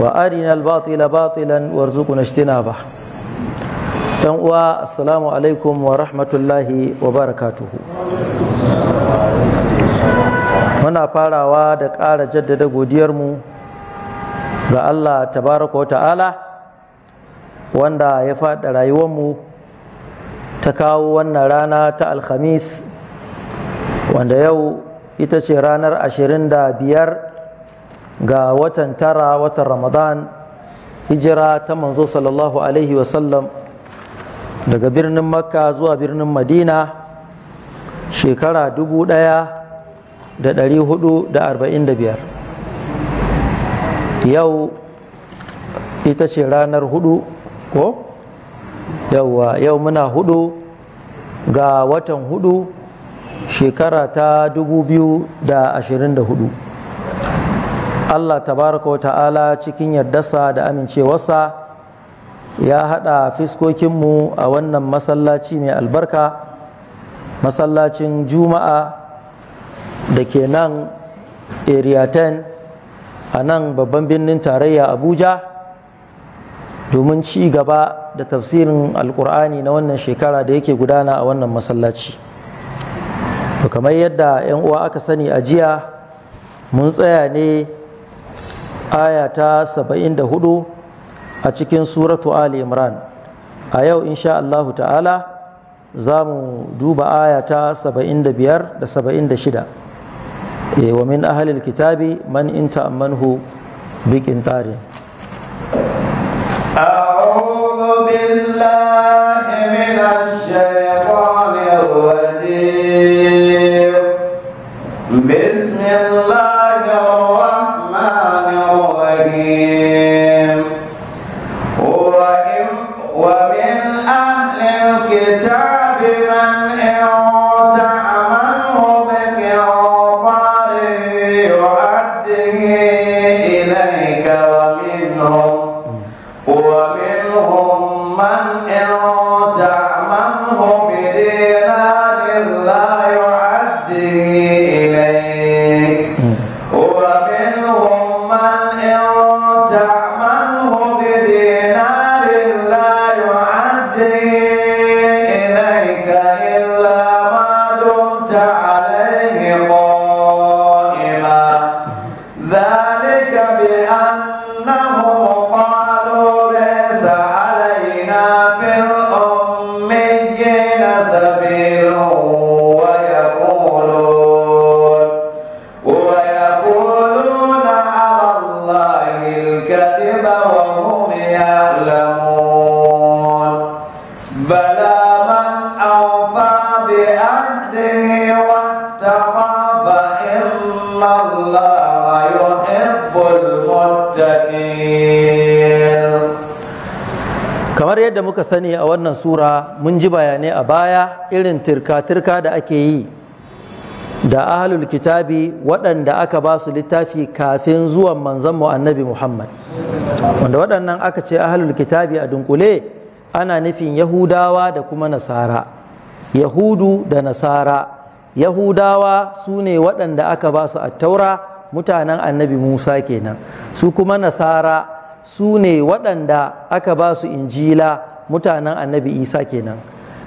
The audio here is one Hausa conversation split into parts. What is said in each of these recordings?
وأرنا الباطل باطلا وارزقنا اجتنابه ɗan uwa assalamu alaikum wa rahmatullahi wa barakatuhu muna farawa da ƙara jaddada godiyarmu ga allah tabaraka wa ta'ala wanda ya faɗa mu ta kawo wannan rana ta alhamis wanda yau ita ce ranar 25 ga watan tara watan ramadan hijira ta manzo sallallahu alaihi wasallam daga birnin makka zuwa birnin madina shekara dubu ɗaya da ɗari yau ita ce ranar hudu ko yauwa yau muna hudu ga watan hudu shekara ta dubu biyu da ashirin da Allah tabaraka wa ta'ala cikin yardarsa da amincewarsa ya haɗa fiskokinmu a wannan masallaci mai albarka masallacin juma'a da ke nan area 10 a nan babban birnin tarayya abuja domin ci gaba da tafsirin alkur'ani na wannan shekara da yake gudana a wannan masallaci kamar yadda 'yan uwa aka sani a jiya mun tsaya ne aya ta 74 a cikin suratu ali imran a yau insha Allahu ta'ala za mu duba aya ta 75 da 76 eh, wa min ahalil kitabi man in ta'ammanhu bikin tarin أعوذ بالله من الشيطان muka sani a wannan sura mun ji bayanai a baya irin tirka-tirka da ake yi da ahlul kitabi waɗanda aka ba su littafi kafin zuwan manzon mu annabi muhammad wanda waɗannan aka ce ahlul kitabi a dunkule ana nufin yahudawa da kuma nasara yahudu da nasara yahudawa su ne waɗanda aka ba su attaura mutanen annabi musa kenan su kuma nasara su ne waɗanda aka ba su injila mutanen annabi isa kenan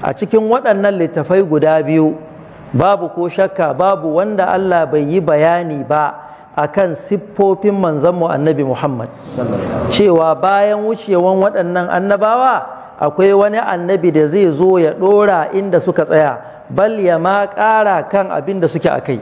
a cikin waɗannan littafai guda biyu babu ko shakka babu wanda allah bai yi bayani ba a kan siffofin manzanmu annabi muhammad cewa bayan wucewan waɗannan annabawa akwai wani annabi da zai zo ya ɗora inda suka tsaya bal ya ma ƙara kan abin da suke a kai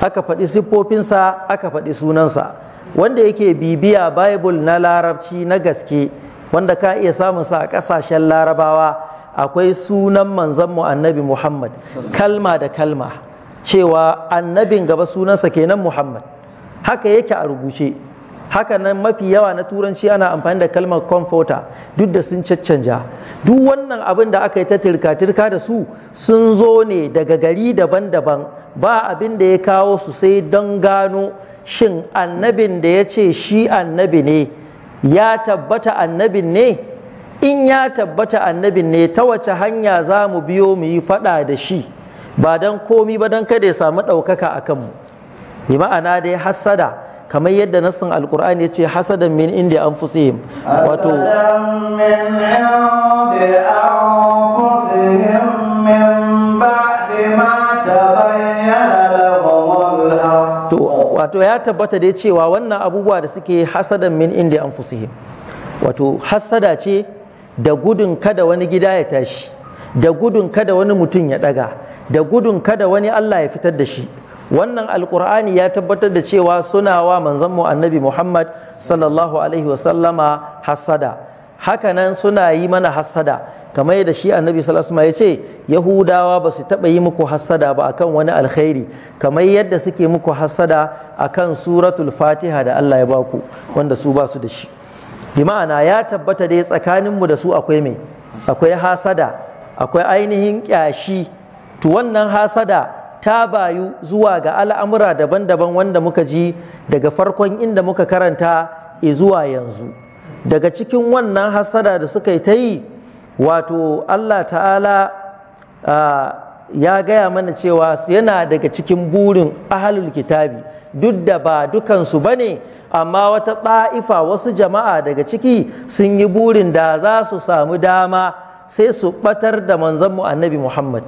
aka faɗi siffofinsa aka faɗi sunansa wanda yake bibiya bible na larabci na gaske wanda ka iya samun sa a ƙasashen larabawa akwai sunan manzon mu annabi muhammad kalma da kalma cewa annabin gaba sunansa kenan muhammad haka yake a rubuce haka nan mafi yawa na turanci ana amfani da kalmar comforter duk da sun caccanja duk wannan abin da aka yi ta tirka-tirka da su sun zo ne daga gari daban-daban ba abin da ya kawo su sai don gano shin annabin da ya ce shi annabi ne ya tabbata annabin ne in ya tabbata annabin ne ta wace hanya za mu biyo mu yi faɗa da shi ba don komi ba don kada ya samu ɗaukaka a kanmu bi ma'ana dai hassada kamar yadda nassin alkur'ani ya ce hasadan min inda an fusihim wato wato ya tabbata dai cewa wannan abubuwa da suke hasadan min inda anfusihim wato hasada ce da gudun kada wani gida ya tashi da gudun kada wani mutum ya ɗaga, da gudun kada wani Allah ya fitar da shi wannan alkur'ani ya tabbatar da cewa suna wa manzon mu annabi Muhammad sallallahu alaihi wasallama hasada hakanan suna yi mana hasada kamar yadda shi annabi sallallahu alaihi wasallam ya ce yahudawa ba su taɓa yi muku hassada ba akan wani alkhairi kamar yadda suke muku hassada akan suratul fatiha da Allah ya baku wanda su ba su da shi bi ma'ana ya tabbata dai tsakanin mu da su akwai mai akwai hasada akwai ainihin kyashi to wannan hasada ta bayu zuwa ga al'amura daban-daban wanda muka ji daga farkon inda muka karanta zuwa yanzu daga cikin wannan hasada da suka yi ta yi wato Allah ta'ala ya gaya mana cewa yana daga cikin burin ahalul kitabi duk da ba dukansu ba ne amma wata ɗa'ifa wasu jama'a daga ciki sun yi burin da za su samu dama sai su ɓatar da manzanmu annabi muhammad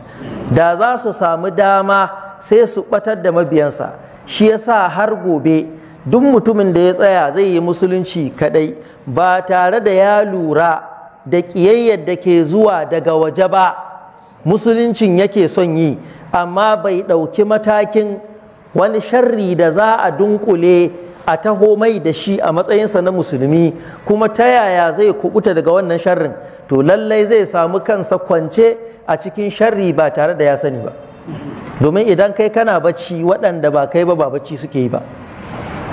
da za su samu dama sai su ɓatar da mabiyansa shi yasa har gobe duk mutumin da ya tsaya zai yi musulunci kadai ba tare da ya lura da ƙiyayyar da ke zuwa daga waje ba musuluncin yake son yi amma bai ɗauki matakin wani sharri da za a dunkule a taho mai da shi a matsayinsa na musulmi kuma ta yaya zai kubuta daga wannan sharrin to lallai zai samu kansa kwance a cikin sharri ba tare da ya sani ba domin idan kai kana bacci waɗanda ba kai ba ba bacci suke yi ba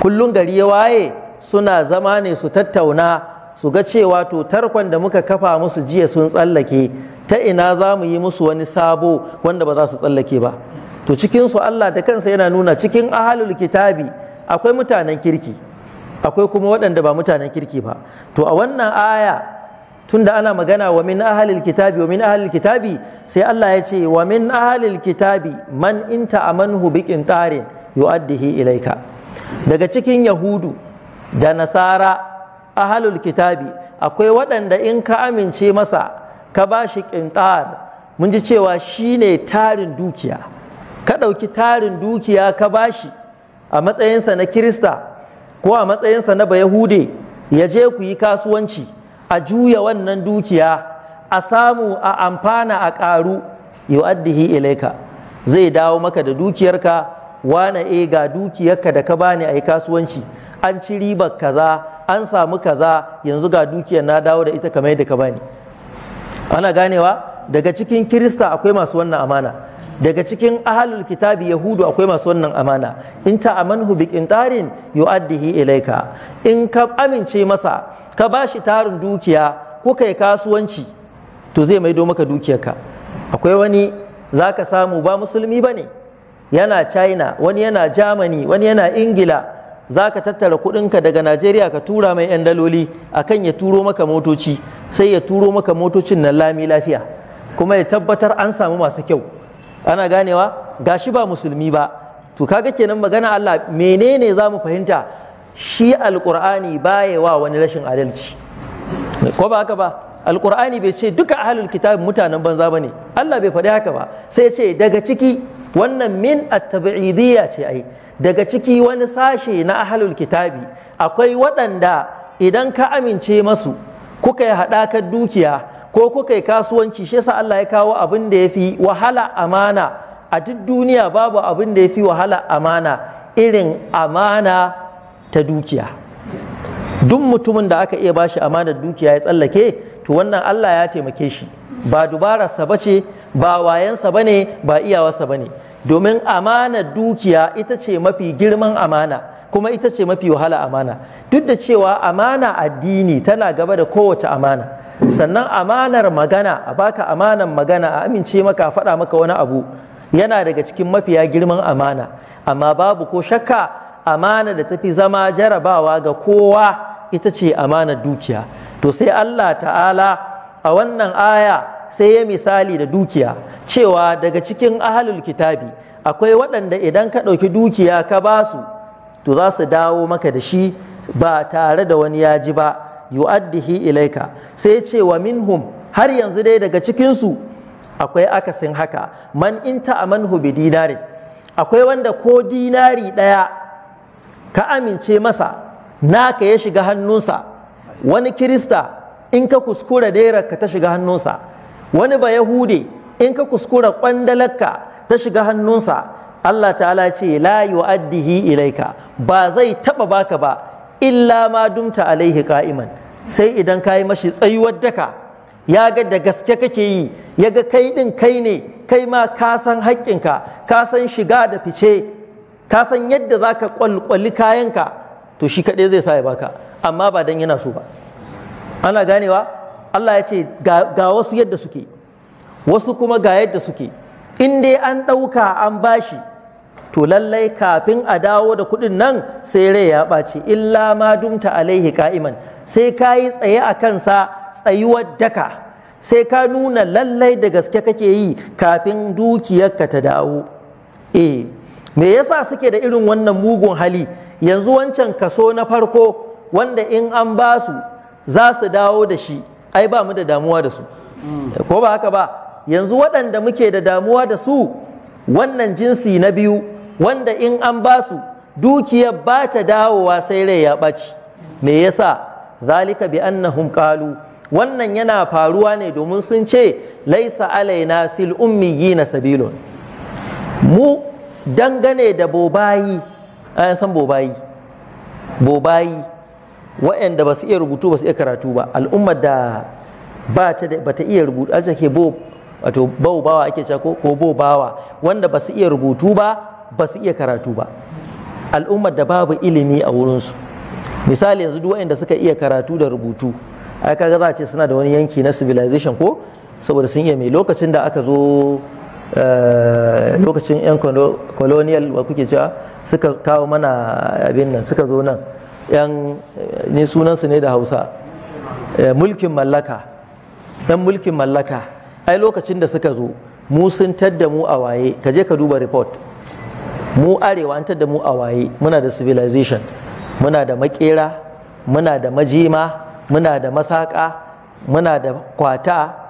kullum gari ya waye suna zama ne su tattauna su ga cewa to tarkon da muka kafa musu jiya sun tsallake ta ina za mu yi musu wani sabo wanda ba za su tsallake ba to cikin su Allah da kansa yana nuna cikin ahalul kitabi akwai mutanen kirki akwai kuma waɗanda ba mutanen kirki ba to a wannan aya tunda ana magana wa min ahalil kitabi wa min ahalil kitabi sai Allah ya ce wa min ahalil kitabi man in ta'amanhu bi yu'addihi ilayka daga cikin yahudu da nasara ahalul kitabi akwai waɗanda in ka amince masa ka ba shi ƙintar mun ji cewa shi ne tarin dukiya ka ɗauki tarin dukiya ka ba shi a matsayinsa na kirista ko a matsayinsa na bayahude ya je ku yi kasuwanci a juya wannan dukiya a samu a amfana a ƙaru yu'addihi ilaika zai dawo maka da dukiyarka wane e ga dukiyarka da ka bani a yi kasuwanci an ci ribar kaza an samu kaza yanzu ga dukiyar na dawo da ita kamar yadda ka bani ana ganewa daga cikin kirista akwai masu wannan amana daga cikin ahalul kitabi yahudu akwai masu wannan amana in ta amanhu bi qintarin yu'addihi ilayka in ka amince masa ka bashi tarin dukiya ko kai kasuwanci to zai maido maka dukiyarka akwai wani zaka samu ba musulmi bane yana china wani yana germany wani yana ingila za ka tattara ka daga najeriya ka tura mai 'yan daloli akan ya turo maka motoci sai ya turo maka motocin nan lami lafiya kuma ya tabbatar an samu masu kyau ana ganewa gashi ba musulmi ba to kaga kenan magana allah menene za mu fahimta shi alkur'ani baya wa wani rashin adalci ko ba haka ba alkur'ani bai ce duka ahlul kitab mutanen banza bane Allah bai faɗi haka ba sai ce daga ciki wannan min at ce ai daga ciki wani sashe na ahalul kitabi akwai waɗanda idan ka amince masu kuka yi haɗakar dukiya ko kuka yi kasuwanci shi yasa Allah ya kawo abin da ya fi wahala amana a duk duniya babu abin da ya fi wahala amana irin amana ta dukiya duk mutumin da aka iya bashi amanar dukiya ya tsallake to wannan Allah ya taimake shi ba dubararsa ba ce ba wayansa bane ba iyawarsa bane. domin amana dukiya ita ce mafi girman amana kuma ita ce mafi wahala amana duk da cewa amana addini tana gaba da kowace amana sannan amanar magana a baka amanar magana a amince maka faɗa maka wani abu yana daga cikin mafiya girman amana amma babu ko shakka amana da tafi zama jarabawa ga kowa ita ce amanar dukiya to sai Allah ta'ala a wannan aya sai ya misali da dukiya cewa daga cikin ahalul kitabi akwai waɗanda idan ka ɗauki dukiya ka ba su to za su dawo maka da shi ba tare da wani yaji ba yu'addihi ilaika sai ce wa minhum har yanzu dai daga cikinsu akwai akasin haka man in ta'amanhu bi dinari. akwai wanda ko dinari ɗaya ka amince masa naka ya shiga hannunsa wani kirista in ka kuskura ka ta shiga hannunsa wani ba yahude in ka kuskura ƙwandalarka ta shiga hannunsa Allah ta'ala ce la yu'addihi ilaika ba zai taba baka ba illa ma dumta alaihi ka'iman. sai idan ka yi mashi tsayuwar daka ya ga da gaske kake yi ya ga kai ɗin kai ne kai ma ka san haƙƙinka ka san shiga da fice ka san yadda za ka kwalkwali kayanka to shi kaɗai zai sa ya baka amma ba dan yana so ba ana ganewa Allah ya ce ga wasu yadda suke wasu kuma ga yadda suke in dai an ɗauka an bashi to lallai kafin a dawo da kuɗin nan sai rai ya ɓaci illa ma dumta alaihi ka'iman sai ka yi tsaye a kansa tsayuwar daka sai ka nuna lallai da gaske kake yi kafin dukiyarka ta dawo eh me yasa suke da irin wannan mugun hali yanzu wancan kaso na farko wanda in an basu za su dawo da shi ai ba mu da damuwa da su ko ba haka ba yanzu waɗanda muke da damuwa da su wannan jinsi na biyu wanda in an ba su dukiyar ba ta dawowa sai rai ya ɓaci me yasa zalika bi annahum qalu wannan yana faruwa ne domin sun ce laisa alaina fil na sabilun mu dangane da bobayi an san bobayi bobayi wa'anda ba su iya rubutu ba su iya karatu ba al'ummar da ba ta ba ta iya rubutu a ke bo wato bau bawa ake cewa ko bo bawa wanda ba su iya rubutu ba ba su iya karatu ba al'ummar da babu ilimi a wurinsu misali yanzu duk wa'anda suka iya karatu da rubutu ai kaga za a ce suna da wani yanki na civilization ko saboda sun iya mai lokacin da aka zo eh, lokacin 'yan colonial wa kuke cewa suka kawo mana abin nan suka zo nan yan ne sunansu ne da hausa eh, mulkin mallaka dan mulkin mallaka ai lokacin da suka zo mu sun tadda mu a waye ka je ka duba report mu arewa an tadda mu a waye muna da civilization muna da makera muna da majima muna da masaka muna da kwata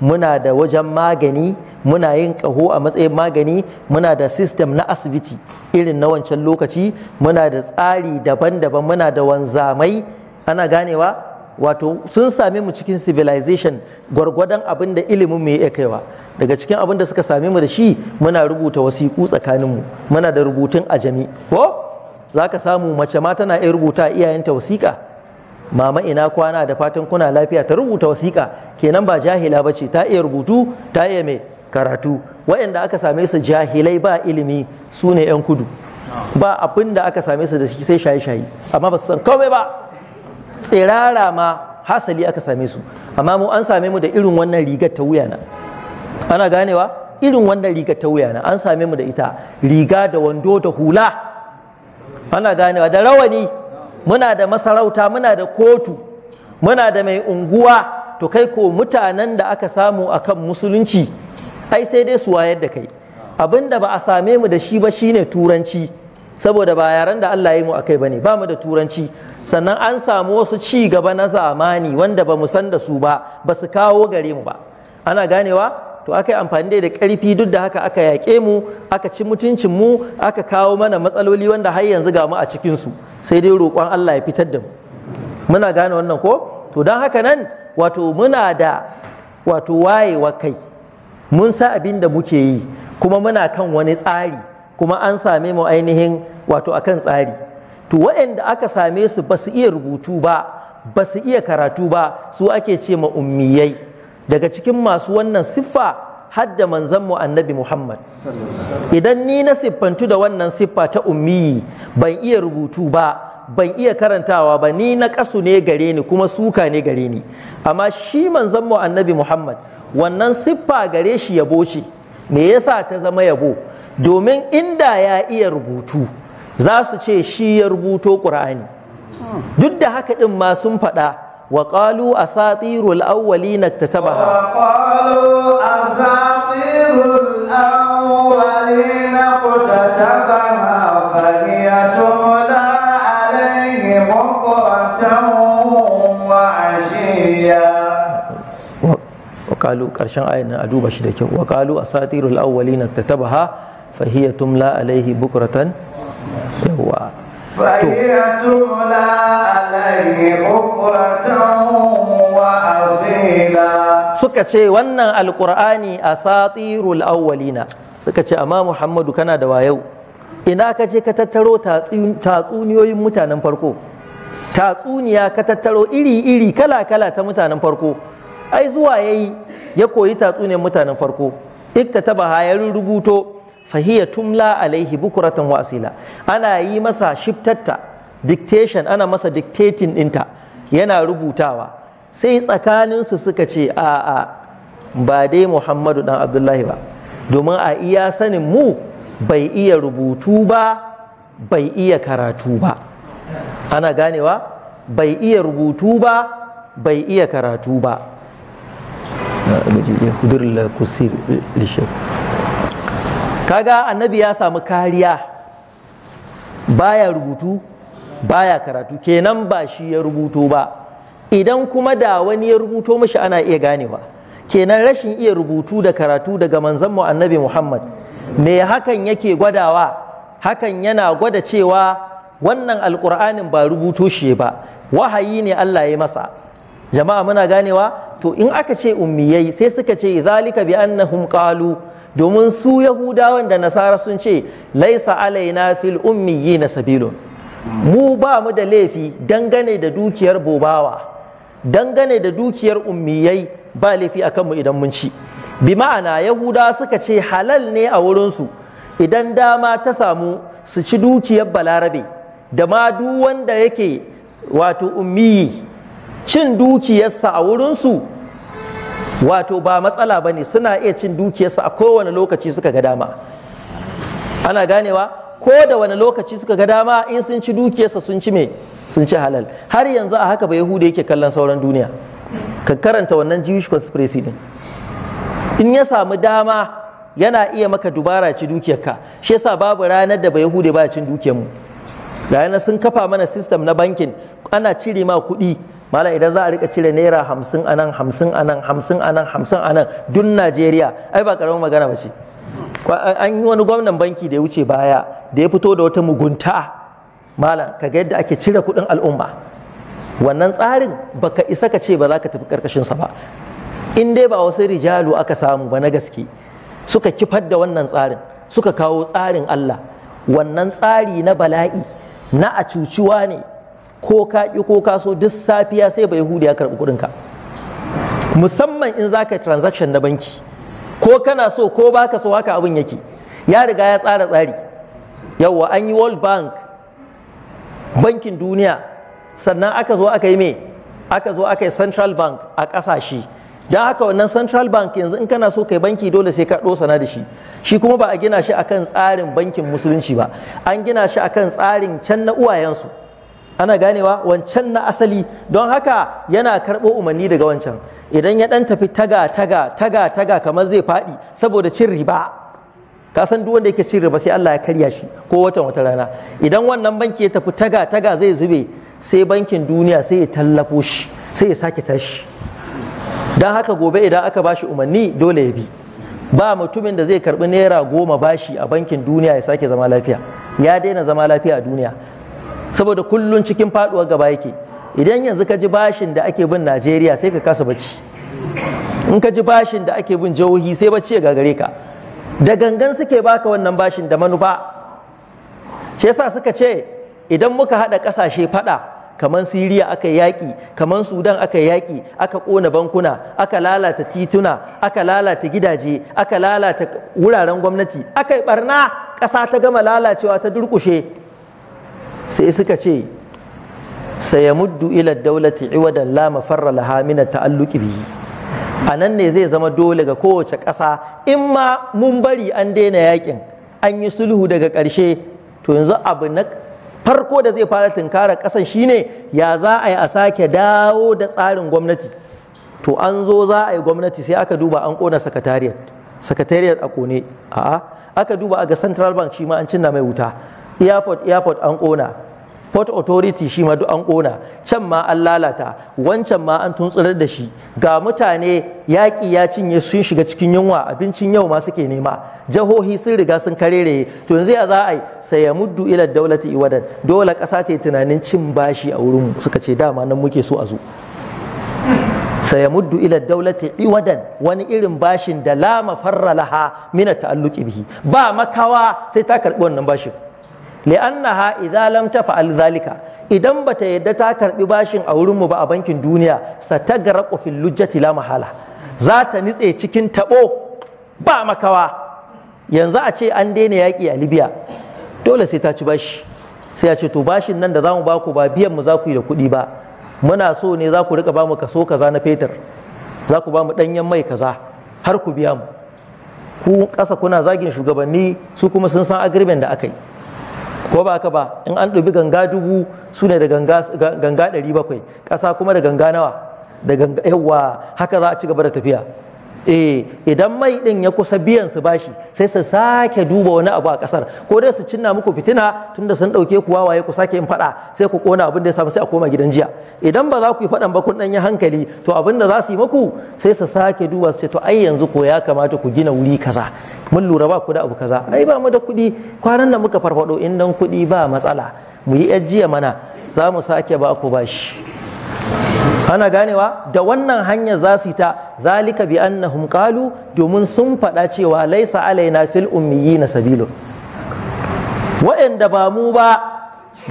muna da wajen magani muna yin ƙaho a matsayin magani muna da system na asibiti irin na wancan lokaci muna da tsari daban-daban muna da wanzamai ana ganewa wato sun sami mu cikin civilization gwargwadon abin da ilimin mu ya kaiwa daga cikin abin da suka sami mu da shi muna rubuta wasiƙu tsakaninmu muna da rubutun ajami ko za ka samu mace ma tana iya rubuta iyayenta wasiƙa mama ina kwana da fatan kuna lafiya ta rubuta wasiƙa kenan ba jahila ba ce ta iya rubutu ta iya mai karatu waɗanda aka same su jahilai ba ilimi su ne 'yan kudu ba abin da aka same su da shi sai shaye-shaye amma ba su san komai ba tsirara ma hasali aka same su amma mu an same mu da irin wannan rigar ta wuya na ana ganewa irin wannan rigar ta wuya na an same mu da ita riga da wando da hula ana ganewa da rawani muna da masarauta muna da kotu muna da mai unguwa to kai ko mutanen da aka samu akan musulunci ai sai dai su wayar da kai abin da ba a same mu da shi ba shine turanci saboda ba yaran da Allah ya mu akai bane ba mu da turanci sannan an samu wasu ci gaba na zamani wanda ba mu san da su ba ba su kawo gare mu ba ana ganewa to aka yi amfani da ƙarfi duk da haka aka yaƙe mu aka ci mutuncin mu aka kawo mana matsaloli wanda har yanzu ga mu a cikinsu sai dai roƙon Allah ya fitar da mu muna gane wannan ko to don haka nan wato muna da wato wayewa kai mun sa abin da muke yi kuma muna kan wani tsari kuma an same mu ainihin wato akan tsari to waɗanda aka same su ba su iya rubutu ba ba su iya karatu ba su ake ce ma ummiyai daga cikin masu wannan siffa hadda manzon mu annabi Muhammad idan ni na siffantu da wannan siffa ta ummi ban iya rubutu ba ban iya karantawa ba ni na kasu ne gare ni kuma suka ne gare ni amma shi manzon mu annabi Muhammad wannan siffa gare shi yabo shi me yasa ta zama yabo domin inda ya iya rubutu za su ce shi ya rubuto Qur'ani duk da haka din ma sun faɗa وقالوا أساطير الأولين اكتتبها وقالوا أساطير الأولين اكتتبها فهي تملى عليه بكرة وعشيا وقالوا كرشان آية أدوب شدك وقالوا أساطير الأولين اكتتبها فهي تملى عليه بكرة يوى عليه بكرة وأصيلا suka ce wannan alkur'ani a satirul awwalina suka ce amma muhammadu kana da wayau ina ka je ka tattaro tatsuniyoyin mutanen farko tatsuniya ka tattaro iri-iri kala-kala ta mutanen farko ai zuwa yayi ya koyi tatsuniyar mutanen farko ikta ta ya rubuto fahiya tumla alaihi bukuratan Wasila ana yi masa shiftatta dictation ana masa dictating ɗinta yana rubutawa sai tsakaninsu suka ce a'a ba dai muhammadu dan abdullahi ba domin a iya sanin mu bai iya rubutu ba bai iya karatu ba ana ganewa bai iya rubutu ba bai iya karatu ba kaga annabi ya samu kariya baya rubutu baya karatu kenan ba shi ya rubuto ba idan kuma da wani ya rubuto mashi ana iya ganewa kenan rashin iya rubutu da karatu daga manzon mu annabi Muhammad me hakan yake gwadawa hakan yana gwada cewa wannan alƙur'anin ba rubuto shi ba wahayi ne Allah ya masa jama'a muna ganewa to in aka ce ummiyai sai suka ce zalika bi annahum qalu domin su yahudawan da nasara sun ce laisa alaina fil ummiyi na sabilun mu ba mu da laifi dangane da dukiyar bobawa dangane da dukiyar ummiyai ba laifi a kanmu idan mun ci bi ma'ana Yahuda suka ce halal ne a wurinsu idan dama ta samu su ci dukiyar balarabe da ma duk wanda yake wato ummiyi cin dukiyarsa a wurinsu wato ba matsala ba ne suna iya cin dukiyarsa a kowane lokaci suka ga dama ana ganewa ko da wani lokaci suka ga dama in sun ci dukiyarsa sun ci me sun ci halal har yanzu a haka ba yahuda yake kallon sauran duniya ka karanta wannan jewish conspiracy din in ya samu dama yana iya maka dubara ci dukiyarka shi yasa babu ranar da ba yahuda ba cin dukiyarmu ga yana sun kafa mana system na bankin ana cire ma kuɗi malam idan za a rika cire naira hamsin a nan hamsin a nan hamsin a nan hamsin a nan duk najeriya ai ba karamin magana ba ce an yi wani gwamnan banki da ya wuce baya da ya fito da wata mugunta malam ga yadda ake cire kuɗin al'umma wannan tsarin baka isa ka ce ba za ka tafi ƙarƙashinsa ba in dai ba wasu rijalu aka samu ba na gaske suka kifar da wannan tsarin suka kawo tsarin Allah wannan tsari na bala'i na a cuciwa ne ko ka ƙi ko ka so duk safiya sai ba yahudi ya karɓi kuɗin ka musamman in za ka transaction na banki ko kana so ko ba ka so haka abin yake ya riga ya tsara tsari yawwa an yi world bank bankin duniya sannan aka zo aka yi me aka zo aka yi central bank a ƙasashe don haka wannan central bank yanzu in kana so kai banki dole sai ka dosana da shi shi kuma ba a gina shi akan tsarin bankin musulunci ba an gina shi akan tsarin can na uwayensu ana ganewa wancan na asali don haka yana karɓo umarni daga wancan idan ya ɗan tafi taga taga taga taga kamar zai faɗi saboda cin riba ka san duk wanda yake cin riba sai Allah ya karya shi ko watan wata rana idan wannan banki ya tafi taga taga zai zube sai bankin duniya sai ya tallafo shi sai ya sake tashi don haka gobe idan aka bashi umarni dole ya bi ba mutumin da zai karbi naira goma bashi a bankin duniya ya sake zama lafiya ya daina zama lafiya a duniya saboda kullun cikin faduwar gaba yake idan yanzu ka ji bashin da ake bin Najeriya sai ka kasa bacci in ka ji bashin da ake bin jihohi sai bacci ya gagare ka da gangan suke baka wannan bashin da manufa shi yasa suka ce idan muka haɗa ƙasashe faɗa kamar siriya aka yaƙi kamar sudan aka yaƙi aka ƙona bankuna aka lalata tituna aka lalata gidaje aka lalata wuraren gwamnati aka yi ɓarna ƙasa ta gama lalacewa ta durƙushe sai suka ce muddu ila daulati iwadan la mafarra laha min ta'alluqi bihi anan ne zai zama dole ga kowace ƙasa in ma mun bari an daina yakin an yi sulhu daga ƙarshe to yanzu abu na farko da zai fara tunkara ƙasar shine ya za a yi a sake dawo da tsarin gwamnati to an zo za a yi gwamnati sai aka duba an ƙona sakatariyar sakatariyar a kone a'a aka duba ga central bank shi ma an cinna mai wuta airport airport an ƙona port authority shi ma duk an ƙona can ma an lalata wancan ma an tuntsurar da shi ga mutane yaƙi ya cinye sun shiga cikin yunwa abincin yau ma suke nema jihohi sun riga sun karereye to yanzu ya za a yi sai ya muddu ila daulati iwadan dole ƙasa ta tunanin cin bashi a wurinmu suka ce dama nan muke so a zo sai ya muddu ila daulati iwadan wani irin bashin da la mafarra laha mina ta'alluqi bihi ba makawa sai ta karbi wannan bashin li'annaha idza lam taf'al zalika idan bata yarda ta karbi bashin a wurin mu ba a bankin duniya satagraqu fil lujjati la mahala za ta nitse cikin taɓo ba makawa yanzu ace an daina yaki a Libya dole sai ta ci bashi sai yace to bashin nan da zamu baku ba biyan mu za yi da kuɗi ba muna so ne za ku rika bamu kaso kaza na fetur za ku ba mu ɗanyen mai kaza har ku biya mu ku ƙasa kuna zagin shugabanni su kuma sun san agreement da aka yi ko ba ka ba in an ɗubi ganga dubu su ne da ganga ɗari bakwai ƙasa kuma da ganga nawa da ganga yawa haka za a ci gaba da tafiya eh idan mai din ya kusa biyan su bashi sai su sake duba wani abu a kasar ko dai su cinna muku fitina tunda sun dauke ku wawaye ku sake yin fada sai ku kona abin da ya samu sai a koma gidan jiya idan ba za ku yi fadan ba kun dan yi hankali to abin da za su yi muku sai su sake duba su ce to ai yanzu ko ya kamata ku gina wuri kaza mun lura ba ku da abu kaza ai ba mu da kuɗi kwanan da muka farfado in dan kuɗi ba matsala mu yi jiya mana za mu sake ba ku bashi ana ganewa da wannan hanya za su ta zalika bi annahum qalu domin sun faɗa cewa laisa alaina fil na sabilu wa'anda ba mu ba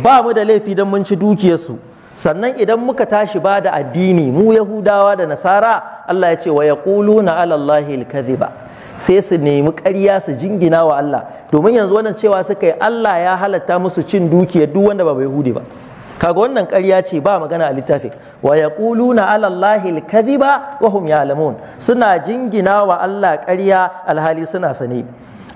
ba mu da laifi don mun ci dukiyarsu sannan idan muka tashi ba da addini mu yahudawa da nasara Allah ya ce wa yaquluna na allahi alkadhiba sai su nemi ƙarya su jingina wa Allah domin yanzu wannan cewa suka yi Allah ya halatta musu cin dukiyar duk wanda ba bai hude ba kaga wannan ƙarya ce ba magana a littafin wa yaquluna ala allahi alkadhiba wa hum ya'lamun suna jingina wa Allah ƙarya alhali suna sane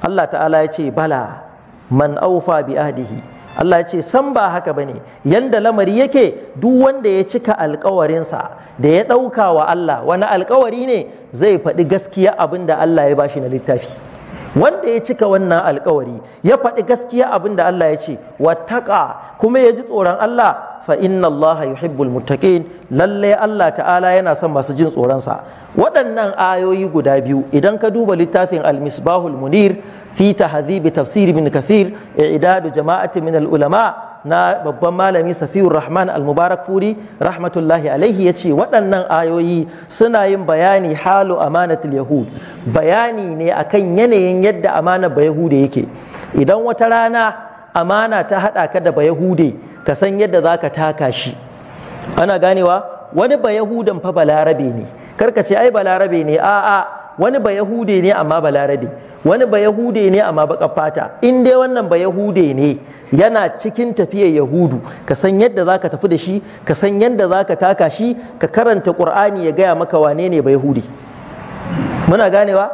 Allah ta'ala ya ce bala man aufa bi ahdihi Allah ya ce san ba haka bane yanda lamari yake duk wanda ya cika alkawarinsa da ya ɗauka wa Allah wani alkawari ne zai faɗi gaskiya abin da Allah ya bashi na littafi wanda ya cika wannan alkawari ya faɗi gaskiya abin da Allah ya ce wattaqa kuma ya ji tsoron Allah fa inna Allah yuhibbul muttaqin lallai Allah ta'ala yana son masu jin tsoron sa waɗannan ayoyi guda biyu idan ka duba littafin al-misbahul munir fi tahdhib tafsir ibn kathir i'dadu jama'ati min al-ulama na babban malami safiyur rahman al-mubarak furi rahmatullahi alaihi ya ce waɗannan ayoyi suna yin bayani halu amanatul yahud bayani ne akan yanayin yadda amanar bayahude yake idan wata rana amana ta haɗa ka da bayahude ka san yadda za ka taka shi ana ganewa wani bayahudan fa balarabe ne karka ce ai balarabe ne a'a wani ba Yahude ne amma ba wani ba Yahude ne amma baƙar fata in dai wannan ba Yahude ne yana cikin tafiyar yahudu ka san yadda za ka tafi da shi ka san yadda za ka taka shi ka karanta ƙur'ani ya gaya maka wane ne ba yahudi muna ganewa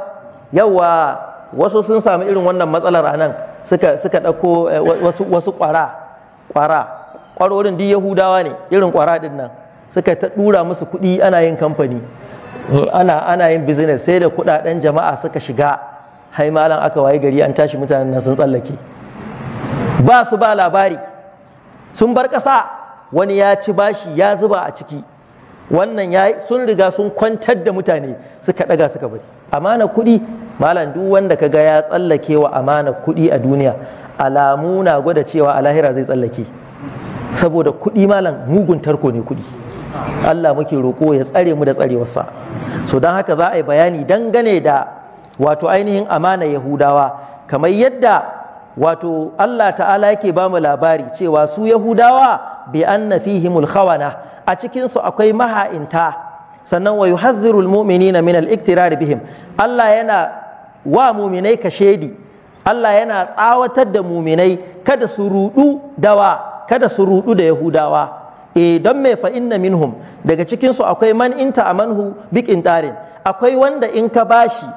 yawa wasu sun samu irin wannan matsalar anan nan suka suka ɗauko eh, wasu ƙwara ƙwara ƙwarorin duk yahudawa ne irin ƙwara ɗin nan suka ta musu kuɗi ana yin kamfani ana yin business sai da kuɗaɗen jama'a suka shiga hai malam aka waye gari an tashi mutanen nan sun tsallake ba su ba labari sun bar ƙasa wani ya ci bashi ya zuba a ciki wannan ya sun riga sun kwantar da mutane suka ɗaga suka bari amana kuɗi malam duk wanda ka ga ya tsallake wa amana kuɗi a duniya alamu na gwada cewa a lahira zai tsallake saboda kuɗi malam mugun tarko ne kuɗi Allah muke roƙo ya tsare mu da tsarewarsa so don haka za a yi bayani dangane da wato ainihin amana yahudawa kamar yadda wato Allah ta'ala yake ba mu labari cewa su yahudawa bi anna fihimul khawana a cikin su akwai maha'inta sannan wa yuhadhdhiru muminina min al-iktirar bihim Allah yana wa mu'minai kashedi Allah yana tsawatar da mu'minai kada su rudu dawa kada su rudu da yahudawa eh don me fa inna minhum daga cikin su akwai man inta amanhu biqintarin akwai wanda in ka bashi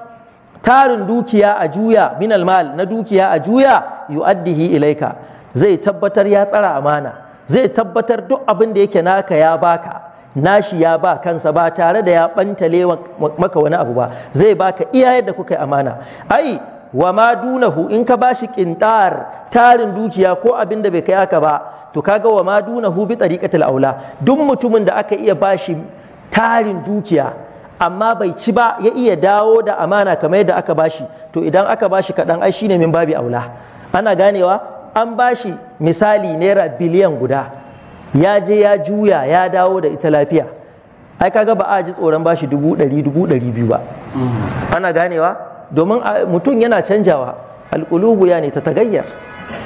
tarin dukiya a juya min almal na dukiya a juya yu'addihi ilaika zai tabbatar ya tsara amana zai tabbatar duk abin da yake naka ya baka nashi ya ba kansa ba tare da ya bantale maka wani abu ba zai baka iya yadda kuka yi amana ai wa ma dunahu in ka bashi kintar tarin dukiya ko abin da bai kai haka ba to kaga wa ma dunahu bi tariqatil aula duk mutumin da aka iya bashi tarin dukiya amma bai ci ba ya iya dawo da amana kamar yadda aka bashi to idan aka bashi kaɗan ai shine min babi aula ana ganewa an bashi misali naira biliyan guda ya je ya juya ya dawo da ita lafiya ai kaga ba a ji tsoron bashi dubu ɗari dubu ɗari biyu ba mm. ana ganewa domin mutum yana canjawa alƙulubu ya ne ta tagayyar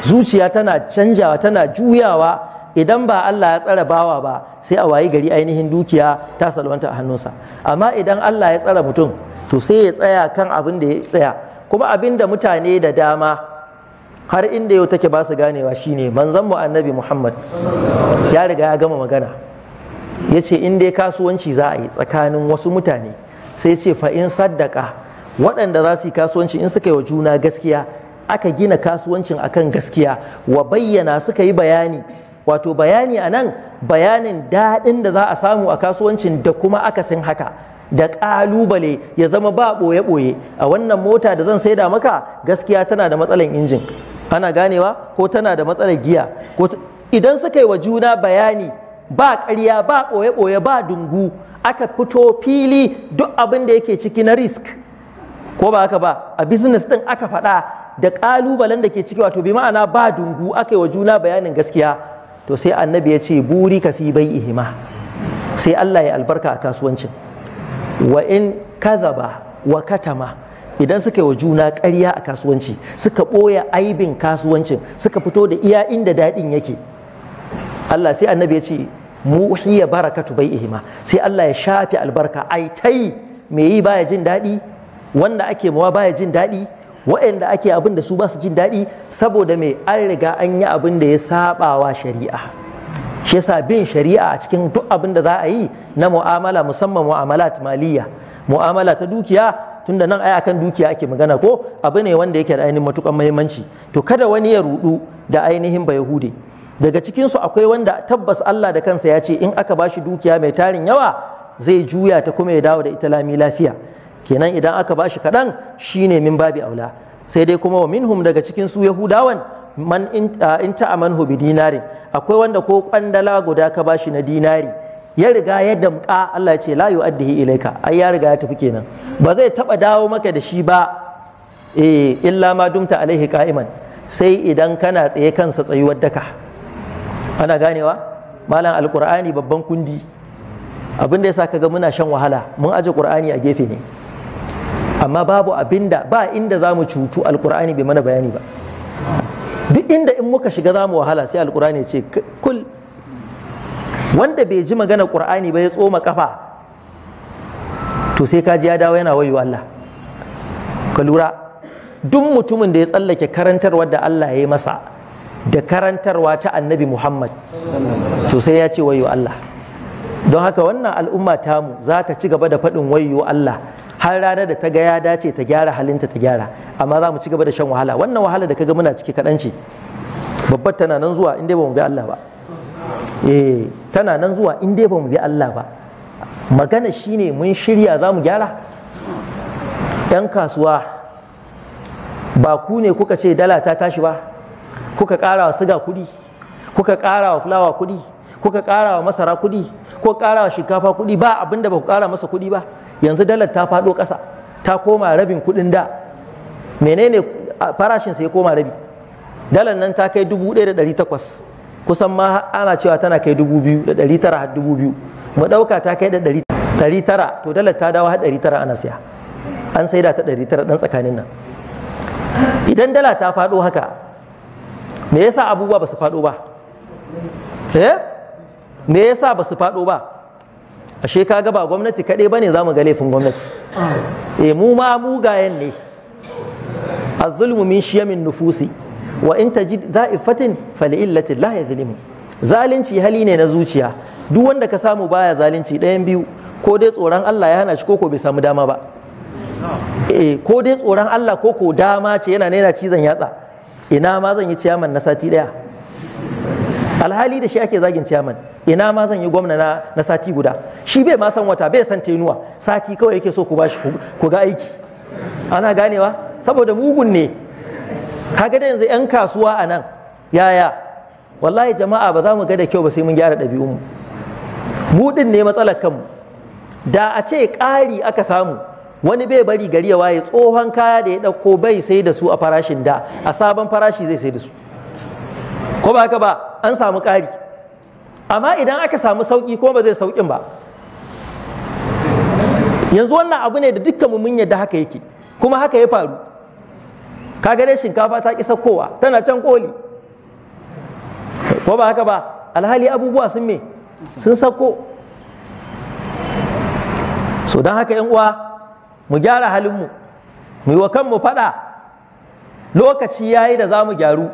zuciya tana canjawa tana juyawa idan ba Allah ya tsara bawa ba sai a wayi gari ainihin dukiya ta salwanta a hannunsa amma idan Allah ya tsara mutum to sai ya tsaya kan abin da ya tsaya kuma abin da mutane da dama har inda yau take ba su ganewa shine manzon mu annabi Muhammad ya riga ya gama magana yace ce in dai kasuwanci za a yi tsakanin wasu mutane sai ce fa in saddaka waɗanda za su yi kasuwanci in suka yi wa juna gaskiya aka gina kasuwancin akan gaskiya wa bayyana suka yi bayani wato bayani a nan bayanin daɗin da za a samu a kasuwancin da kuma aka akasin haka da ƙalubale ya zama ba ɓoye-ɓoye a wannan mota da zan saida maka gaskiya tana da matsalar injin ana ganewa ko tana da matsalar giya idan suka yi wa juna bayani ba ƙarya ba ɓoye-ɓoye ba dungu aka fito fili duk abin da yake ciki na risk ko ba haka ba a business ɗin aka faɗa da ƙalubalen da ke ciki wato bi ma'ana ba dungu aka yi wa juna bayanin gaskiya to sai annabi ya ce buri ka fi bai ihima sai Allah ya albarka a kasuwancin wa in kazaba wa katama idan suka yi wa juna ƙarya a kasuwanci suka ɓoye aibin kasuwancin suka fito da iya inda daɗin yake Allah sai annabi ya ce muhiya barakatu bai ihima sai Allah ya shafe albarka ai tai me yi baya jin daɗi wanda ake mawa baya jin daɗi waɗanda ake abin da su ba su jin daɗi saboda mai an riga an yi abin da ya saba wa shari'a shi yasa bin shari'a a cikin duk abin da za a yi na mu'amala musamman mu'amalat maliya mu'amala ta dukiya tunda nan ai akan dukiya ake magana ko abu ne wanda yake da ainihin matukan muhimmanci to kada wani ya rudu da ainihin ba yahude daga cikin su akwai wanda tabbas Allah da kansa ya ce in aka bashi dukiya mai tarin yawa zai juya ta kuma ya dawo da ita lami lafiya kenan idan aka bashi kaɗan shine min babi aula sai dai kuma wa minhum daga cikin su yahudawan man in ta amanhu bi dinari akwai wanda ko kwandala guda ka bashi na dinari ya riga ya damƙa Allah ya ce la yu'addihi ilaika ai ya riga ya tafi kenan ba zai taba dawo maka da shi ba eh illa ma dumta alaihi qa'iman sai idan kana tsaye kansa tsayuwar daka ana ganewa malam alqur'ani babban kundi abin da yasa kaga muna shan wahala mun aje qur'ani a gefe ne amma babu abinda ba inda za mu cutu alkur'ani bai mana bayani ba duk inda in muka shiga za mu wahala sai alkur'ani ce kul wanda bai ji magana qur'ani ba ya tsoma kafa to sai ka ji ya dawo yana wayo Allah ka lura duk mutumin da ya tsallake karantarwa da Allah ya yi masa da karantarwa ta annabi Muhammad to sai ya ce wayo Allah don haka wannan al'umma tamu za ta ci gaba da faɗin wayo Allah har ranar da ta ga ya dace ta gyara halinta ta gyara amma za mu ci gaba da shan wahala wannan wahala da kaga muna ciki kaɗan ce babbar tana nan zuwa in ba mu bi Allah ba eh tana nan zuwa in ba mu bi Allah ba magana shine mun shirya za mu gyara yan kasuwa ba ku ne kuka ce dala ta tashi ba kuka ƙara wa siga kuɗi kuka ƙara wa fulawa kuɗi kuka ƙara wa masara kuɗi ko ƙara wa shinkafa kuɗi ba abin da ba ku ƙara masa kuɗi ba yanzu dalar ta faɗo ƙasa ta koma rabin kuɗin da menene farashin ya koma rabi dalar nan ta kai dubu ɗaya da ɗari takwas kusan ma ana cewa tana kai dubu biyu da ɗari tara har dubu biyu mu ɗauka ta kai da ɗari tara to dalar ta dawo har ɗari tara ana siya an saida ta ɗari tara ɗan tsakanin nan idan dala ta faɗo haka me yasa abubuwa ba su faɗo ba eh me yasa ba su faɗo ba ashe ga ba gwamnati kaɗai ba ne za mu ga laifin gwamnati e mu ma mugayen ne az-zulmu min min nufusi wa in tajid dha'ifatin fali'illati la yazlimu zalunci hali ne na zuciya duk wanda ka samu baya zalunci ɗayan biyu ko dai tsoron Allah ya hana shi ko ko bai samu dama ba e ko dai tsoron Allah ko ko dama ce yana naira cizon yatsa ina ma zan yi ciyaman na sati ɗaya alhali da shi ake zagin ciyaman ina ma zan yi gwamna na, na sati guda shi bai ma san wata bai san tenuwa sati kawai yake so ku bashi ku ga aiki ana ganewa saboda mugun ne kaga da yanzu yan kasuwa a nan yaya wallahi jama'a ba za mu ga da kyau ba sai mun gyara ɗabi'unmu mu din ne matsalar kanmu da a ce ƙari aka samu wani bai bari gari ya waye tsohon kaya da ya ɗauko bai sai da su a farashin da a sabon farashi zai sai da su ko ba haka ba an samu ƙari amma idan aka samu sauƙi ko ba zai sauƙin ba yanzu wannan abu ne da dukkan mu mun yadda haka yake kuma haka ya faru Ka gane shinkafa ta ƙi saukowa tana can koli ko ba haka ba alhali abubuwa sun me sun sauko so don haka yan uwa mu gyara halinmu mu yi wa kanmu faɗa lokaci ya yi da za mu gyaru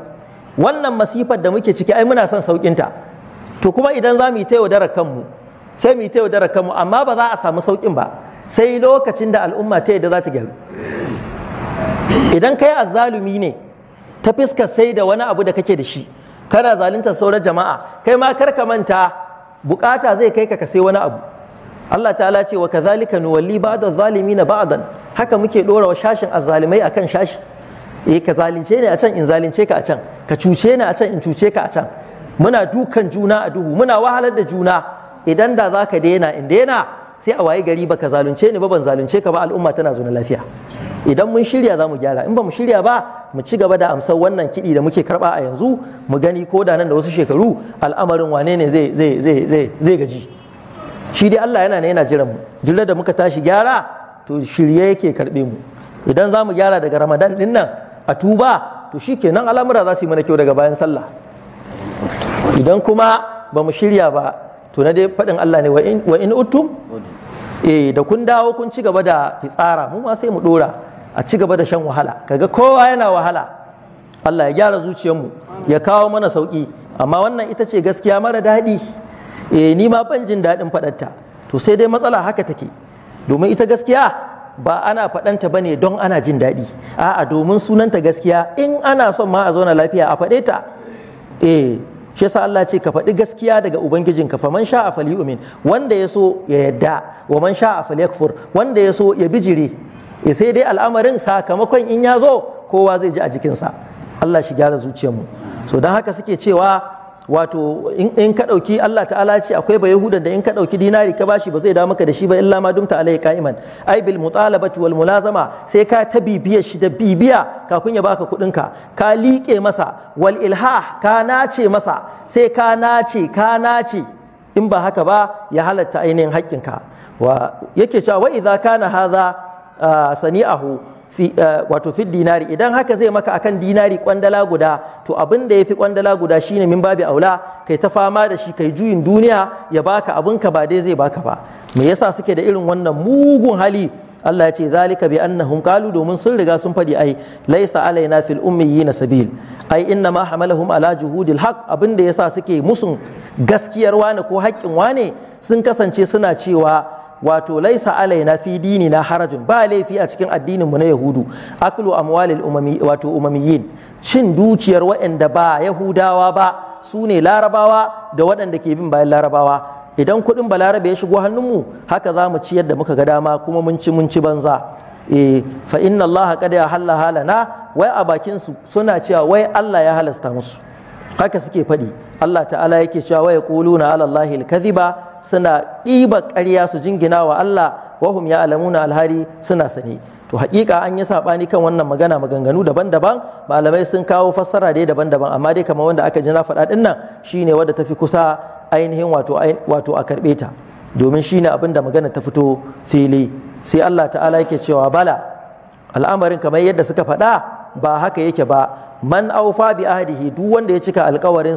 wannan masifar da muke ciki ai muna son sauƙinta to kuma idan za mu yi ta kanmu sai mu yi ta kanmu amma ba za a samu sauƙin ba sai lokacin da al'umma ta yadda za ta gyaru idan kai azzalumi ne ta fiska sai da wani abu da kake da shi kana zaluntar sauran jama'a kai ma kar ka manta bukata zai kai ka ka sai wani abu Allah ta'ala ce wa kazalika nuwalli ba'da na ba'dan haka muke dora wa shashin azzalimai akan shashi E ka zalunce ni a can in zalunce ka a can ka cuce ni a can in cuce ka a can muna dukan juna a duhu muna wahalar da juna idan da za ka daina in daina sai a waye gari baka zalunce ni ba ban zalunce ka ba al'umma tana zuna lafiya idan mun shirya za mu gyara in ba mu shirya ba mu ci gaba da amsar wannan kiɗi da muke karɓa a yanzu mu gani ko da nan da wasu shekaru al'amarin wane ne zai zai zai zai zai gaji shi dai Allah yana ne yana jiran mu jilla da muka tashi gyara to shirye yake karɓe mu idan za mu gyara daga Ramadan din nan a tuba to shi kenan al'amura za su yi mana kyau daga bayan sallah idan kuma ba mu shirya ba to na dai faɗin Allah ne wa in utum eh da kun dawo kun ci gaba da fitsara mu ma sai mu dora a ci gaba da shan wahala kaga kowa yana wahala Allah ya gyara mu ya kawo mana sauki amma wannan ita ce gaskiya mara daɗi eh ni ma ban jin daɗin faɗarta to sai dai matsala haka take domin ita gaskiya ba ana faɗanta ba ne don ana jin daɗi a'a domin sunanta gaskiya in ana son ma a zauna lafiya a faɗe ta eh shi yasa Allah ce ka faɗi gaskiya daga Ubangijin ka fa man sha'a umin wanda ya so ya yadda wa man sha'a yakfur wanda ya so ya bijire eh sai dai al'amarin sakamakon in ya zo kowa zai ji a jikinsa Allah shi gyara zuciyarmu so don haka suke cewa wato in ka ɗauki Allah ta'ala ce akwai ba yahudan da in ka ɗauki dinari ka bashi ba zai da maka da shi ba illa ma dumta alai qa'iman ai bil mutalabati wal mulazama sai ka ta bibiyar shi da bibiya kafin ya baka kuɗin ka ka liƙe masa wal ilha ka nace masa sai ka nace ka nace in ba haka ba ya halatta ainihin haƙƙinka wa yake cewa wa idza kana hadha ah, sani'ahu Eh, wato fi dinari idan haka zai maka akan dinari kwandala guda to abin da ya fi kwandala guda shine min babi aula kai ta fama da shi kai juyin duniya ya baka abinka ka ba dai zai baka ba me yasa suke da irin wannan mugun hali Allah ya ce zalika bi annahum qalu domin sun riga sun faɗi ai laisa alaina fil ummiyina sabil ai inna ma hamalahum ala juhudil haq abin da yasa suke musun gaskiyar wane ko haƙƙin wane sun kasance suna cewa wato laisa alaina fi dini na harajin ba laifi a cikin addininmu na yahudu aklu amwalil umami wato umamiyin cin dukiyar waɗanda ba yahudawa ba su ne larabawa da waɗanda ke bin bayan larabawa idan kuɗin balarabe ya shigo hannunmu haka za mu ciyar da muka ga dama kuma mun ci mun ci banza e fa inna allaha qad ya halla halana wai a bakin su suna cewa wai Allah ya halasta musu haka suke faɗi Allah ta'ala yake cewa wai yaquluna ala allahi al-kadhiba suna ɗiba ƙarya su jingina wa Allah wahum ya alamuna alhari suna sani to hakika an yi saɓani kan wannan magana maganganu daban-daban malamai sun kawo fassara dai daban-daban amma dai kamar wanda aka ji na faɗa ɗin nan shine wadda ta fi kusa ainihin wato a karɓe ta domin shine abin da magana ta fito fili sai Allah ta'ala yake cewa bala al'amarin kamar yadda suka faɗa ba haka yake ba man aufa bi ahdihi duk wanda ya cika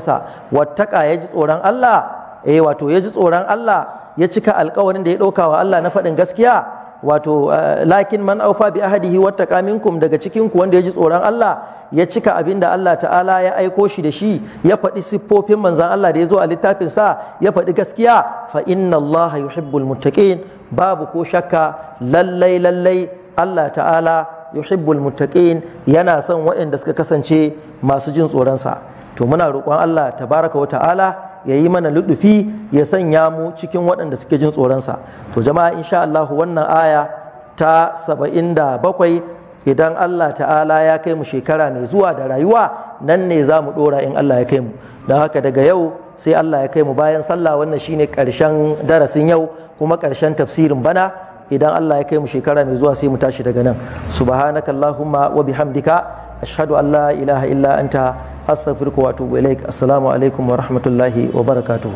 sa. wattaka ya ji tsoron Allah eh wato ya ji tsoron Allah ya cika alkawarin da ya ɗauka wa Allah na faɗin gaskiya wato eh, lakin man aufa bi ahadihi wattaqa minkum daga cikin ku wanda ya ji tsoron Allah ya cika abin da Allah ta'ala ya aiko shi da shi ya faɗi siffofin manzan Allah da ya zo a littafin sa ya faɗi gaskiya fa inna Allah yuhibbul muttaqin babu ko shakka lallai lallai Allah ta'ala yuhibbul muttaqin yana son waɗanda suka kasance masu jin tsoron sa to muna roƙon Allah tabaraka wa ta'ala ya yi mana ludufi ya sanya mu cikin waɗanda suke jin tsoronsa to jama'a insha Allah wannan aya ta saba'in da bakwai idan Allah ta'ala ya kai mu shekara mai zuwa da rayuwa nan ne za mu ɗora in Allah ya kai mu don haka daga yau sai Allah ya kai mu bayan sallah wannan shine ƙarshen darasin yau kuma ƙarshen tafsirin bana idan Allah ya kai mu shekara mai zuwa sai mu tashi daga nan subhanakallahumma wa bihamdika ashhadu an la ilaha illa anta astaghfiruka wa atubu ilaik assalamu alaikum wa rahmatullahi wa barakatuhu